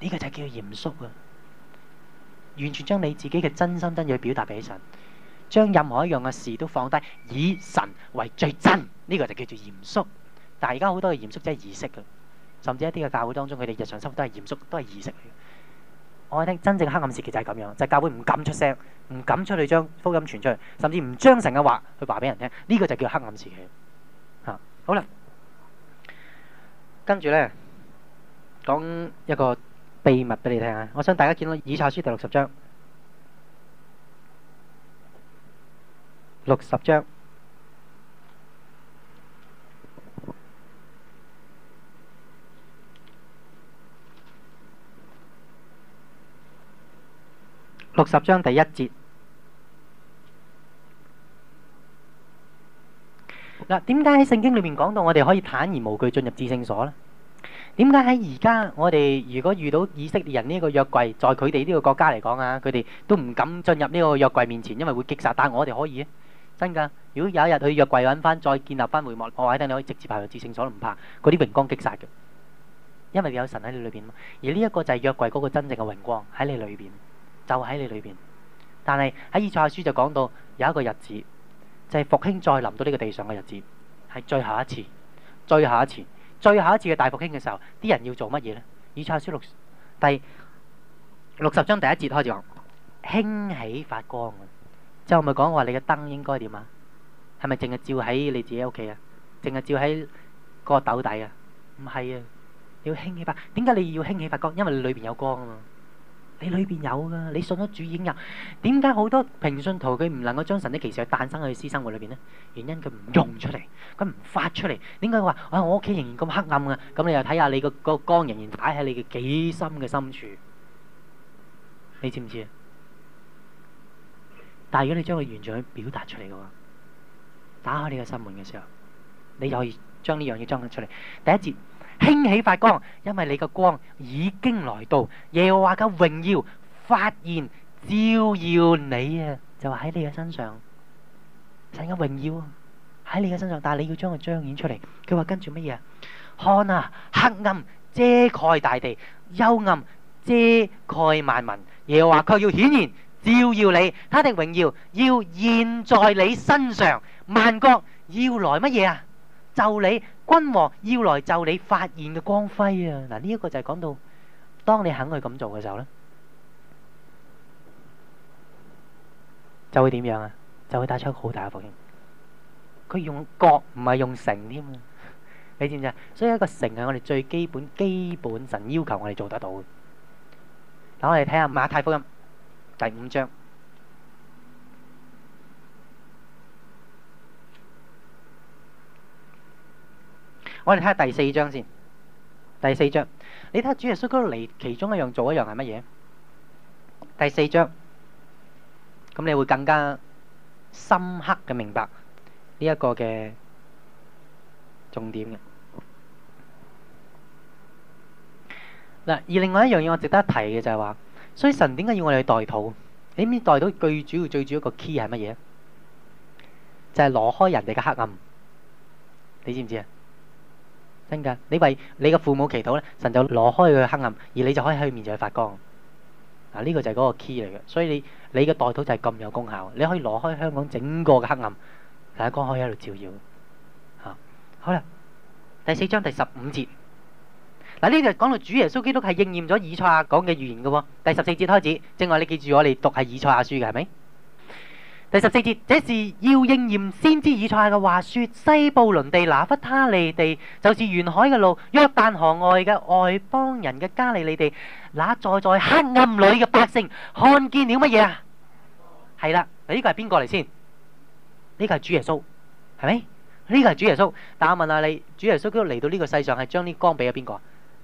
呢個就叫嚴肅啊！完全將你自己嘅真心真意表達俾神，將任何一樣嘅事都放低，以神為最真，呢個就叫做嚴肅。但係而家好多嘅嚴肅即係儀式嘅，甚至一啲嘅教會當中，佢哋日常生活都係嚴肅，都係儀式。我聽真正黑暗時期就係咁樣，就係教會唔敢出聲，唔敢出去將福音傳出去，甚至唔將神嘅話去話俾人聽，呢個就叫黑暗時期。吓，好啦，跟住呢講一個。秘密俾你聽下。我想大家見到以賽書第六十章，六十章，六十章第一節。嗱，點解喺聖經裏面講到我哋可以坦然無懼進入至聖所呢？點解喺而家我哋如果遇到以色列人呢個約櫃，在佢哋呢個國家嚟講啊，佢哋都唔敢進入呢個約櫃面前，因為會擊殺。但係我哋可以，真㗎！如果有一日去約櫃揾翻，再建立翻會幕，我話等你可以直接爬去至聖所，都唔怕，嗰啲榮光擊殺嘅，因為有神喺你裏邊。而呢一個就係約櫃嗰個真正嘅榮光喺你裏邊，就喺你裏邊。但係喺以賽亞書就講到有一個日子，就係復興再臨到呢個地上嘅日子，係最後一次，最後一次。最後一次嘅大復興嘅時候，啲人要做乜嘢呢？《以賽亞書》第六十章第一節開始講，興起發光嘅。之後咪講話你嘅燈應該點啊？係咪淨係照喺你自己屋企啊？淨係照喺嗰個斗底啊？唔係啊，你要興起發光。點解你要興起發光？因為你裏邊有光啊嘛。你裏邊有噶，你信咗主已經有。點解好多平信徒佢唔能夠將神嘅奇事去誕生喺佢私生活裏邊咧？原因佢唔用出嚟，佢唔發出嚟。點解話啊？我屋企仍然咁黑暗噶，咁你又睇下你個個光仍然擺喺你嘅幾深嘅深處，你知唔知啊？但係如果你將佢完全去表達出嚟嘅話，打開你嘅心門嘅時候，你又可以將呢樣嘢彰顯出嚟。第一節，興起發光，因為你嘅光已經來到，耶和華嘅榮耀發現照耀你啊！就話喺你嘅身上，神嘅榮耀喺你嘅身上，但係你要將佢彰顯出嚟。佢話跟住乜嘢啊？看啊，黑暗遮蓋大地，幽暗遮蓋萬民。耶和華卻要顯現照耀你，他的榮耀要現在你身上。萬國要來乜嘢啊？就你。君王要來就你發現嘅光輝啊！嗱，呢一個就係講到，當你肯去咁做嘅時候呢，就會點樣啊？就會打出一個好大嘅福音。佢用國唔係用城添啊！你知唔知啊？所以一個城係我哋最基本、基本神要求我哋做得到嘅。嗱，我哋睇下馬太福音第五章。我哋睇下第四章先。第四章，你睇下主耶穌嗰度嚟，其中一樣做一樣係乜嘢？第四章，咁你會更加深刻嘅明白呢一個嘅重點嘅。嗱，而另外一樣嘢我值得一提嘅就係話，所以神點解要我哋去代禱？你知唔知代禱最主要、最主要個 key 係乜嘢？就係攞開人哋嘅黑暗，你知唔知啊？真噶，你為你嘅父母祈禱咧,神就挪開佢黑暗，而你就可以喺佢面前發光。嗱，呢個就係嗰個 key 嚟嘅，所以你你嘅代禱就係咁有功效，你可以挪開香港整個嘅黑暗，大家光可以喺度照耀。吓好啦，第四章第十五節，嗱呢度講到主耶穌基督係應驗咗以賽亞講嘅預言嘅。第十四節開始，正話你記住我哋讀係以賽亞書嘅，係咪？第十四節，這是要應驗先知以賽亞嘅話，說西布倫地、拿弗他利地，就是沿海嘅路，約旦河外嘅外邦人嘅加利利地，那在在黑暗裏嘅百姓，看見了乜嘢啊？係啦，呢個係邊個嚟先？呢個係主耶穌，係咪？呢個係主耶穌。但我問下你，主耶穌都嚟到呢個世上係將啲光俾咗邊個？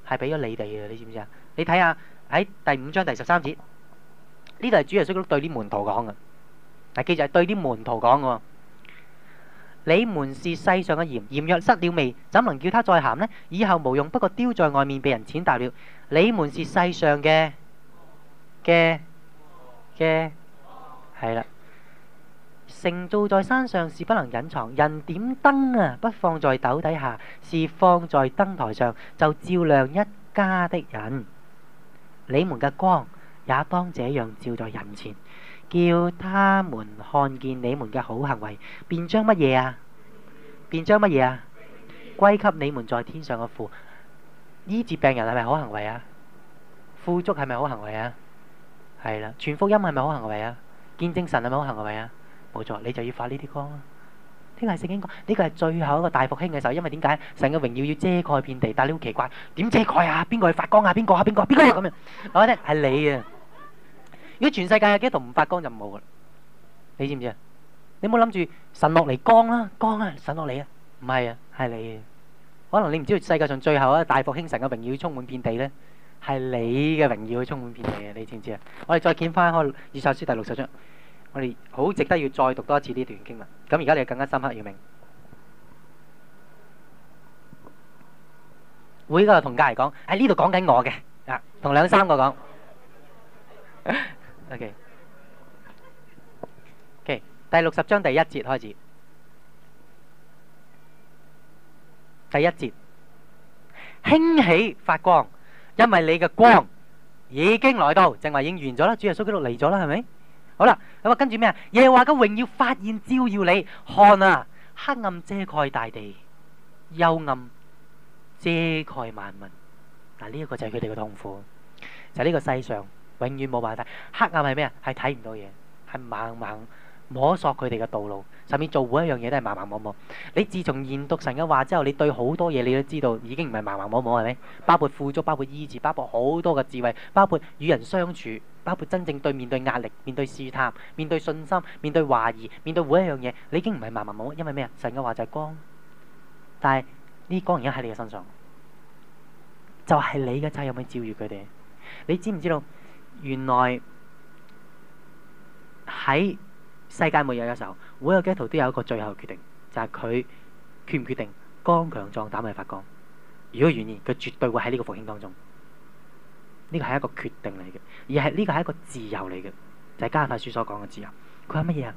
係俾咗你哋嘅，你知唔知啊？你睇下喺第五章第十三節，呢個係主耶穌對啲門徒講嘅。嗱，記住係對啲門徒講喎：你們是世上嘅鹽，鹽若失了味，怎能叫他再鹹呢？以後無用，不過丟在外面被人踐踏了。你們是世上嘅嘅嘅，係啦。城造在山上是不能隱藏，人點燈啊，不放在斗底下，是放在燈台上，就照亮一家的人。你們嘅光也當這樣照在人前。叫他們看見你們嘅好行為，便將乜嘢啊？便將乜嘢啊？歸給你們在天上嘅父。醫治病人係咪好行為啊？富足係咪好行為啊？係啦，傳福音係咪好行為啊？見證神係咪好行為啊？冇錯，你就要發呢啲光、啊、光。呢個係聖經講，呢個係最後一個大復興嘅時候，因為點解？神嘅榮耀要遮蓋遍地，但係你好奇怪，點遮蓋啊？邊個去發光啊？邊個啊？邊個啊？邊個咁樣？我咧係你啊！如果全世界有幾多唔發光就冇啦？你知唔知啊？你冇諗住神落嚟光啦，光啊，神落嚟啊，唔係啊，係你。可能你唔知道世界上最後一大復興嘅榮耀充滿遍地咧，係你嘅榮耀充滿遍地嘅，你知唔知啊？我哋再見翻開《以賽亞書》第六十章，我哋好值得要再讀多一次呢段經文。咁而家你更加深刻要明，每個同隔籬講，喺呢度講緊我嘅啊，同兩三個講。O.K. O.K. 第六十章第一節開始，第一節，興起發光，因為你嘅光已經來到。正話已經完咗啦，主耶穌基督嚟咗啦，係咪？好啦，咁啊，跟住咩啊？耶和華嘅榮耀發現照耀你。看啊，黑暗遮蓋大地，幽暗遮蓋萬民。嗱，呢一個就係佢哋嘅痛苦，就喺呢個世上。永遠冇問題。黑暗係咩啊？係睇唔到嘢，係盲盲摸索佢哋嘅道路，上面做每一樣嘢都係盲盲摸摸。你自從研讀神嘅話之後，你對好多嘢你都知道，已經唔係盲盲摸摸係咪？包括富足，包括醫治，包括好多嘅智慧，包括與人相處，包括真正對面對壓力、面對試探、面對信心、面對懷疑、面對每一樣嘢，你已經唔係盲盲摸摸。因為咩啊？神嘅話就係光，但係呢啲光而家喺你嘅身上，就係、是、你嘅仔有冇照住佢哋？你知唔知道？原來喺世界末日嘅時候，每一個基督徒都有一個最後決定，就係、是、佢決唔決定剛強壯膽去發光。如果願意，佢絕對會喺呢個復興當中。呢個係一個決定嚟嘅，而係呢個係一個自由嚟嘅，就係、是、加拉太書所講嘅自由。佢話乜嘢啊？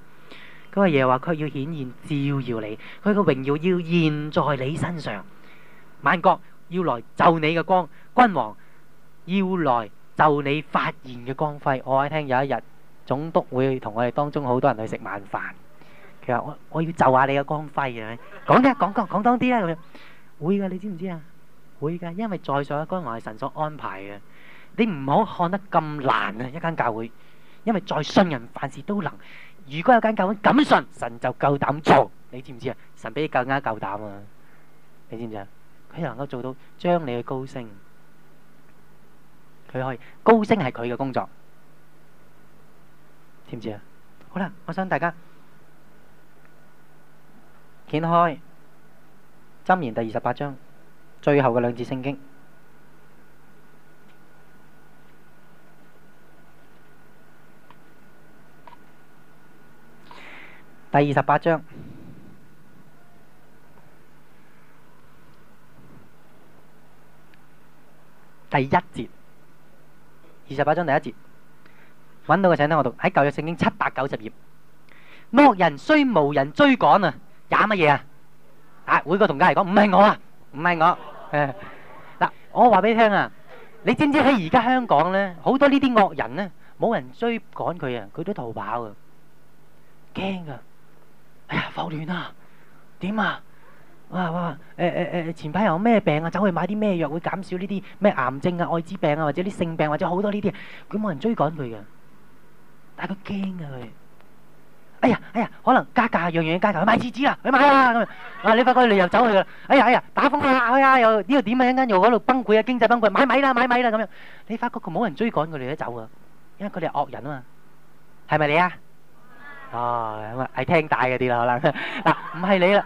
佢話耶話佢要顯現照耀你，佢嘅榮耀要現在你身上。萬國要來就你嘅光，君王要來。就你發言嘅光輝，我喺聽有一日總督會同我哋當中好多人去食晚飯，其實我我要就下你嘅光輝啊！講嘅講講講多啲咁啊！會噶你知唔知啊？會噶，因為在上一光我係神所安排嘅，你唔好看得咁難啊！一間教會，因為在信人凡事都能，如果有間教會咁信，神就夠膽做，你知唔知啊？神比你更加夠膽啊！你知唔知啊？佢能夠做到將你嘅高升。佢可以高升，係佢嘅工作，知唔知啊？好啦，我想大家掀開《箴言》第二十八章最後嘅兩節聖經。第二十八章第一節。二十八章第一節，揾到個，請聽我讀，喺舊約聖經七百九十頁。惡人雖無人追趕啊，搞乜嘢啊？啊，每個同家嚟講，唔係我啊，唔係我。嗱，我話俾你聽啊，你知唔知喺而家香港咧，好多呢啲惡人咧，冇人追趕佢啊，佢都逃跑啊，驚啊！哎呀，浮亂啊，點啊？哇哇！誒誒誒，前排又有咩病啊？走去買啲咩藥會減少呢啲咩癌症啊、愛滋病啊，或者啲性病，或者好多呢啲嘢，佢冇人追趕佢嘅。但係佢驚㗎佢。哎呀哎呀，可能加價，樣樣加價。買廁紙啦，去買啦咁啊！你發覺你又走去㗎。哎呀哎呀，打風啊，哎呀！又呢度點啊，一間又嗰度崩潰啊，經濟崩潰，買米啦，買米啦咁樣。你發覺佢冇人追趕佢哋咧走㗎，因為佢哋係惡人啊嘛。係咪你啊？哦咁啊，係聽大嗰啲啦可能嗱，唔係你啦。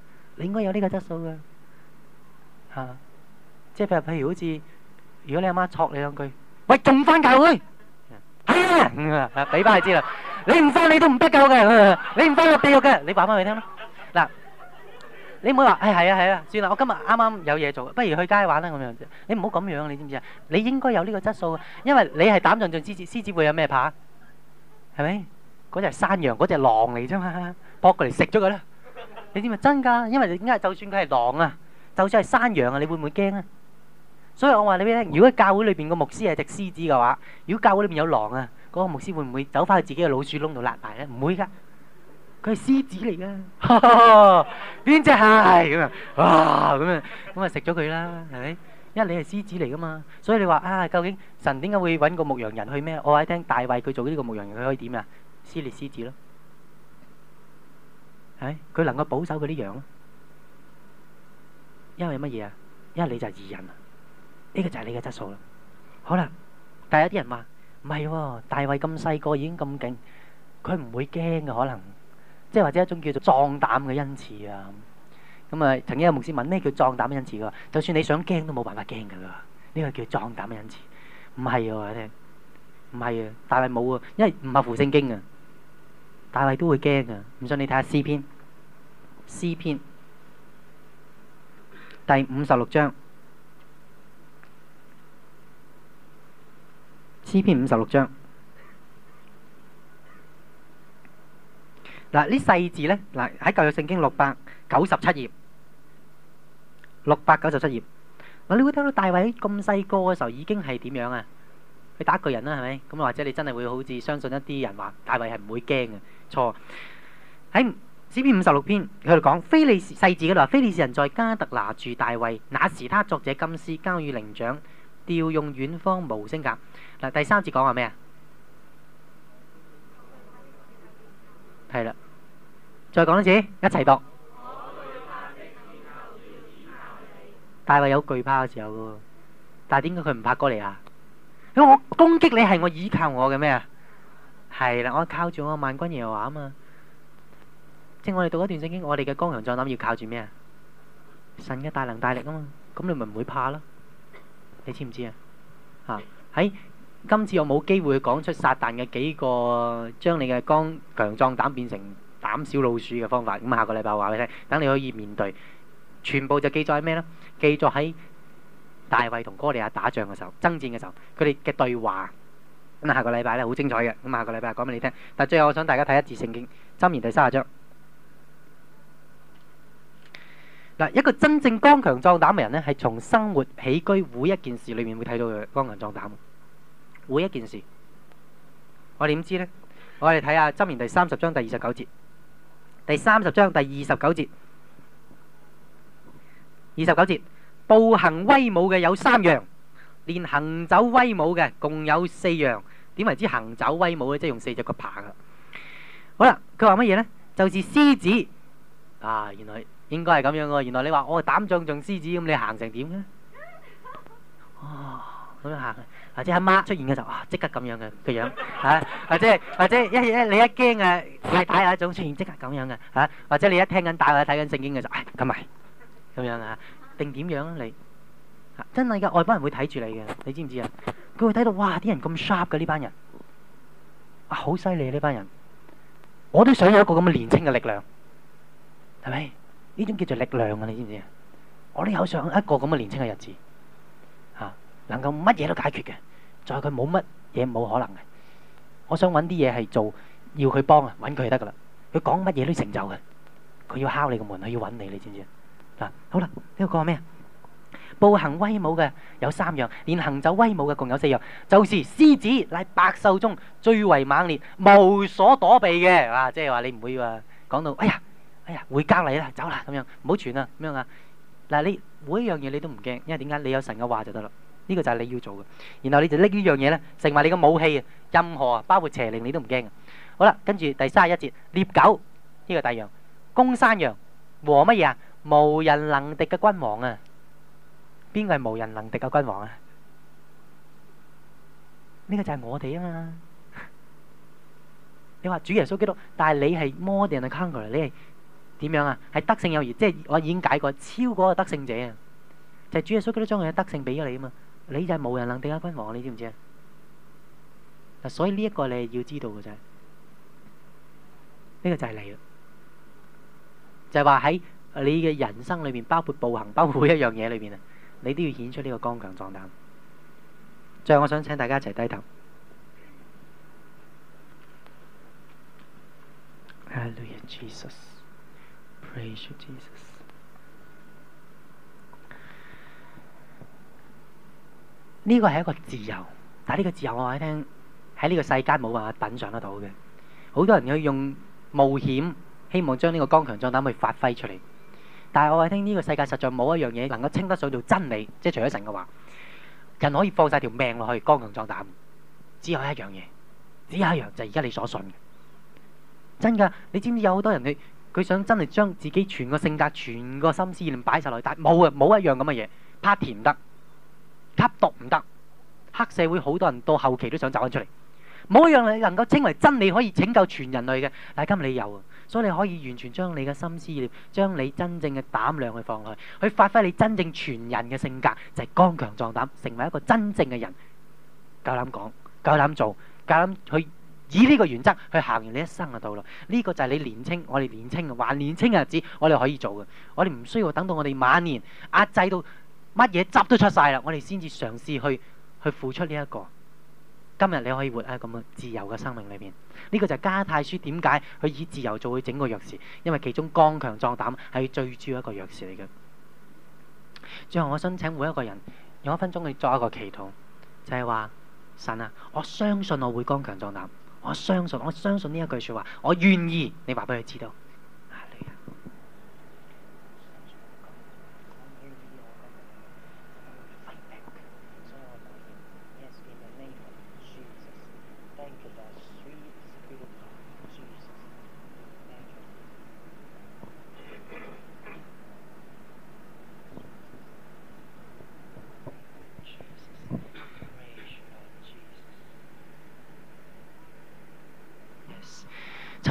你應該有呢個質素嘅，吓，即係譬如譬如好似如果你阿媽錯你兩句，喂，仲翻教會，哈，俾翻你知啦，你唔翻你都唔得救嘅，你唔翻我地獄嘅，你話翻佢聽啦，嗱，你唔好話，哎係啊係啊，算啦，我今日啱啱有嘢做，不如去街玩啦咁樣，你唔好咁樣，你知唔知啊？你應該有呢個質素嘅，因為你係膽壯壯獅子，獅子會有咩怕？係咪？嗰隻山羊，嗰隻狼嚟啫嘛，撲過嚟食咗佢啦。你知咪真噶？因為你點解就算佢係狼啊，就算係山羊啊，你會唔會驚咧？所以我話你俾聽，如果教會裏邊個牧師係隻獅子嘅話，如果教會裏邊有狼啊，嗰個牧師會唔會走翻去自己嘅老鼠窿度揦埋咧？唔會噶，佢係獅子嚟噶。邊隻係咁啊？哇！咁啊咁啊，食咗佢啦，係咪？因為你係獅子嚟噶嘛。所以你話啊，究竟神點解會揾個牧羊人去咩？我話你聽，大衛佢做呢個牧羊人，佢可以點呀？撕裂獅子咯。係佢能夠保守佢啲羊，因為乜嘢啊？因為你就係義人啊！呢個就係你嘅質素啦。可能，但係有啲人話唔係，大衛咁細個已經咁勁，佢唔會驚㗎，可能，即係或者一種叫做壯膽嘅恩賜啊！咁啊，曾經有牧師問咩叫壯膽嘅恩賜喎？就算你想驚都冇辦法驚㗎啦，呢個叫壯膽嘅恩賜。唔係喎，聽唔係啊？大衛冇啊，因為唔係符聖經啊。大衛都會驚噶，唔信你睇下詩篇，詩篇第五十六章，詩篇五十六章。嗱呢細字呢，嗱喺舊約聖經六百九十七頁，六百九十七頁。嗱你會睇到大衛喺咁細個嘅時候已經係點樣啊？你打巨人啦，係咪？咁或者你真係會好似相信一啲人話，大衛係唔會驚嘅。錯。喺詩篇五十六篇，佢哋講非利士細字嗰度話，非利士人在加特拿住大衛。那時他作者金詩交與伶長，調用遠方無聲鴿。嗱，第三節講話咩啊？係啦， 再講一次，一齊讀。大衛有懼怕嘅時候喎，但係點解佢唔怕過嚟呀？咁我攻擊你係我倚靠我嘅咩？係啦，我靠住我萬軍耶和華啊嘛，即係我哋讀一段聖經，我哋嘅剛強壯膽要靠住咩？神嘅大能大力啊嘛，咁你咪唔會怕咯？你知唔知啊？啊喺今次我冇機會去講出撒但嘅幾個將你嘅剛強壯膽變成膽小老鼠嘅方法，咁下個禮拜話畀你聽，等你可以面對，全部就記載喺咩咧？記載喺。大衛同哥利亞打仗嘅時候，爭戰嘅時候，佢哋嘅對話，咁下個禮拜呢，好精彩嘅，咁下個禮拜講俾你聽。但最後我想大家睇一次聖經，箴言第三十章。嗱，一個真正剛強壯膽嘅人呢，係從生活起居每一件事裏面會睇到佢剛強壯膽。每一件事，我點知呢？我哋睇下箴言第三十章第二十九節，第三十章第二十九節，二十九節。步行威武嘅有三樣，連行走威武嘅共有四樣。點為之行走威武咧？即係用四隻腳爬噶。好啦，佢話乜嘢咧？就似獅子啊！原來應該係咁樣嘅。原來你話我膽壯像獅子咁，你行成點咧？哦，咁樣行，或者阿媽出現嘅時候啊，即刻咁樣嘅個樣吓，或者或者一一你一驚嘅係打有一種出現，即刻咁樣嘅吓，或者你一聽緊打或者睇緊聖經嘅時候唉，咁咪咁樣吓。定點樣啊？你啊，真係噶，外班人會睇住你嘅，你知唔知啊？佢會睇到哇，啲人咁 sharp 嘅呢班人，啊，好犀利啊呢班人！我都想有一個咁嘅年輕嘅力量，係咪？呢種叫做力量啊！你知唔知啊？我都有想一個咁嘅年輕嘅日子，吓能夠乜嘢都解決嘅，再係佢冇乜嘢冇可能嘅。我想揾啲嘢係做，要佢幫啊，揾佢就得噶啦。佢講乜嘢都成就嘅，佢要敲你個門，佢要揾你，你知唔知啊？啊，好啦，呢個講咩啊？步行威武嘅有三樣，連行走威武嘅共有四樣，就是獅子乃百獸中最為猛烈、無所躲避嘅。啊，即係話你唔會話講到，哎呀，哎呀，會交嚟啦，走啦咁樣，唔好傳啊，咁樣啊。嗱，你每一樣嘢你都唔驚，因為點解？你有神嘅話就得啦。呢個就係你要做嘅。然後你就拎呢樣嘢咧，成為你嘅武器啊。任何啊，包括邪靈你都唔驚。好啦，跟住第三十一節，獵狗呢個第二樣，公山羊和乜嘢啊？無人能敵嘅君王啊，邊個係無人能敵嘅君王啊？呢個就係我哋啊嘛。你話主耶穌基督，但係你係 more than a conqueror，你係點樣啊？係得勝有餘，即係我已經解過，超過個得勝者啊！就係主耶穌基督將佢嘅得勝俾咗你啊嘛。你就係無人能敵嘅君王，你知唔知啊？所以呢一個你係要知道嘅啫，呢個就係你啊，就係話喺。你嘅人生裏面，包括步行，包括每一樣嘢裏面，啊，你都要顯出呢個剛強壯膽。最後，我想請大家一齊低頭。Hallelujah, Jesus, praise you, Jesus。呢個係一個自由，但係呢個自由我話你聽，喺呢個世間冇辦法等上得到嘅。好多人去用冒險，希望將呢個剛強壯膽去發揮出嚟。但係我係聽呢個世界實在冇一樣嘢能夠稱得上做真理，即係除咗神嘅話，人可以放晒條命落去，剛強壯膽。只有一樣嘢，只有一樣就係而家你所信嘅，真㗎！你知唔知有好多人佢佢想真係將自己全個性格、全個心思亂擺曬落去，但係冇冇一樣咁嘅嘢，party 唔得，吸毒唔得，黑社會好多人到後期都想走翻出嚟。冇一樣你能夠稱為真理可以拯救全人類嘅，但係今日你有，所以你可以完全將你嘅心思念，將你真正嘅膽量去放去，去發揮你真正全人嘅性格，就係、是、剛強壯膽，成為一個真正嘅人，夠膽講，夠膽做，夠膽去以呢個原則去行完你一生嘅道路。呢、這個就係你年青，我哋年青，還年青嘅日子，我哋可以做嘅，我哋唔需要等到我哋晚年壓制到乜嘢汁都出晒啦，我哋先至嘗試去去付出呢一個。今日你可以活喺咁嘅自由嘅生命裏邊，呢個就係加泰書點解佢以自由做佢整個鑰匙，因為其中剛強壯膽係最主要一個鑰匙嚟嘅。最後我申請每一個人用一分鐘去作一個祈禱，就係話神啊，我相信我會剛強壯膽，我相信我相信呢一句說話，我願意你話俾佢知道。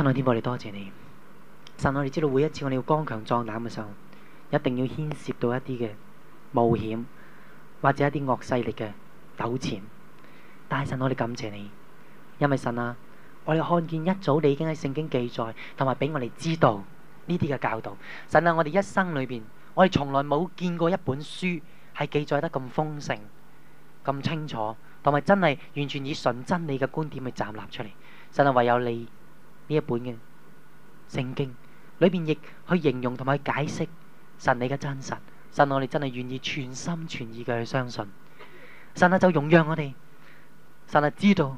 神啊！天父，我哋多謝你。神啊，我哋知道，每一次我哋要剛強壯膽嘅時候，一定要牽涉到一啲嘅冒險或者一啲惡勢力嘅糾纏。但係神啊，我哋感謝你，因為神啊，我哋看見一早你已經喺聖經記載同埋俾我哋知道呢啲嘅教導。神啊，我哋一生裏邊，我哋從來冇見過一本書係記載得咁豐盛、咁清楚，同埋真係完全以純真理嘅觀點去站立出嚟。神啊，唯有你。呢一本嘅聖經裏邊，亦去形容同埋解釋神你嘅真實，神我哋真係願意全心全意嘅去相信，神啊就容讓我哋，神啊知道，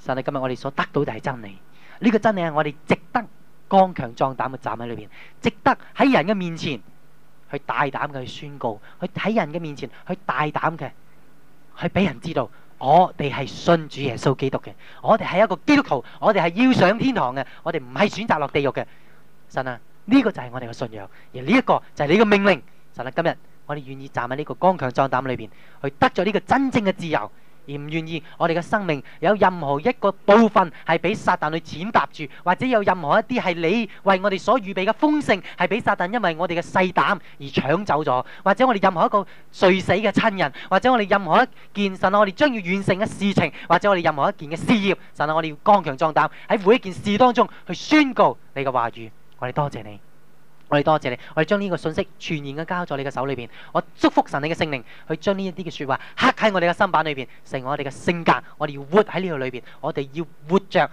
神啊今日我哋所得到就係真理，呢個真理係我哋值得剛強壯膽嘅站喺裏邊，值得喺人嘅面前去大膽嘅去宣告，去喺人嘅面前去大膽嘅去俾人知道。我哋係信主耶穌基督嘅，我哋係一個基督徒，我哋係要上天堂嘅，我哋唔係選擇落地獄嘅。神啊，呢個就係我哋嘅信仰，而呢一個就係你嘅命令。神啊，今日我哋願意站喺呢個剛強壯膽裏邊，去得咗呢個真正嘅自由。而唔願意，我哋嘅生命有任何一個部分係俾撒旦去踐踏住，或者有任何一啲係你為我哋所預備嘅豐盛係俾撒旦因為我哋嘅細膽而搶走咗，或者我哋任何一個垂死嘅親人，或者我哋任何一件神啊，我哋將要完成嘅事情，或者我哋任何一件嘅事業，神啊，我哋要剛強壯膽喺每一件事當中去宣告你嘅話語，我哋多謝你。我哋多謝你，我哋將呢個信息全然咁交咗你嘅手裏邊。我祝福神你嘅聖靈去將呢一啲嘅說話刻喺我哋嘅心版裏邊，成為我哋嘅性格。我哋要活喺呢個裏邊，我哋要活著，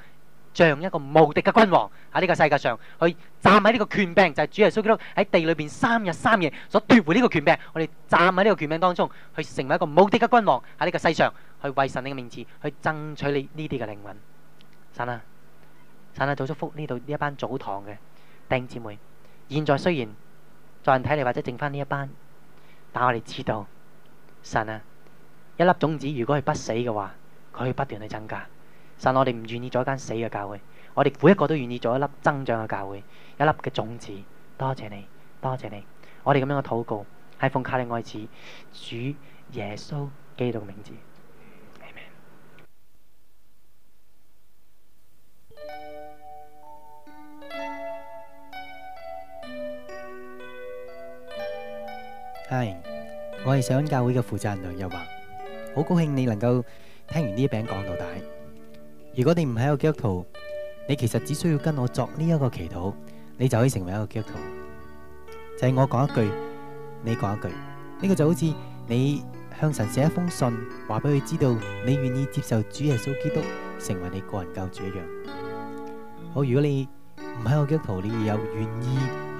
像一個無敵嘅君王喺呢個世界上去站喺呢個權柄，就係主耶穌基督喺地裏邊三日三夜所奪回呢個權柄。我哋站喺呢個權柄當中，去成為一個無敵嘅君王喺呢個世上，去為神你嘅名字去爭取你呢啲嘅靈魂。神啊，神啊，早祝福呢度呢一班早堂嘅弟兄姊妹！.現在雖然在人睇嚟，或者剩翻呢一班，但我哋知道神啊，一粒種子如果係不死嘅話，佢會不斷去增加。神啊，我哋唔願意做一間死嘅教會，我哋每一個都願意做一粒增長嘅教會，一粒嘅種子。多謝你，多謝你，我哋咁樣嘅禱告，係奉卡利愛子、主耶穌基督嘅名字。Hi，我係上恩教會嘅負責人梁又華，好高興你能夠聽完呢一篇講道大。如果你唔係一個基督徒，你其實只需要跟我作呢一個祈禱，你就可以成為一個基督徒。就係我講一句，你講一句，呢個就好似你向神寫一封信，話俾佢知道你願意接受主耶穌基督成為你個人救主一樣。好，如果你唔係一個基督徒，你又願意，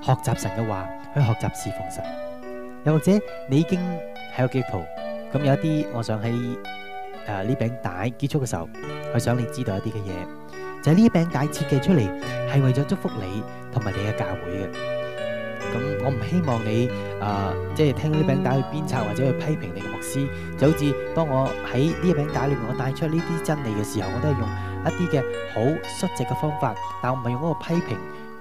學習神嘅話，去學習侍奉神。又或者你已經喺個基督徒，咁有一啲，我想喺誒呢餅帶結束嘅時候，去想你知道一啲嘅嘢，就係呢餅帶設計出嚟係為咗祝福你同埋你嘅教會嘅。咁我唔希望你誒、呃、即係聽呢餅帶去鞭策或者去批評你嘅牧師，就好似當我喺呢餅帶裏面我帶出呢啲真理嘅時候，我都係用一啲嘅好率直嘅方法，但我唔係用嗰個批評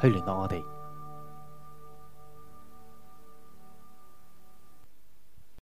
去聯絡我哋。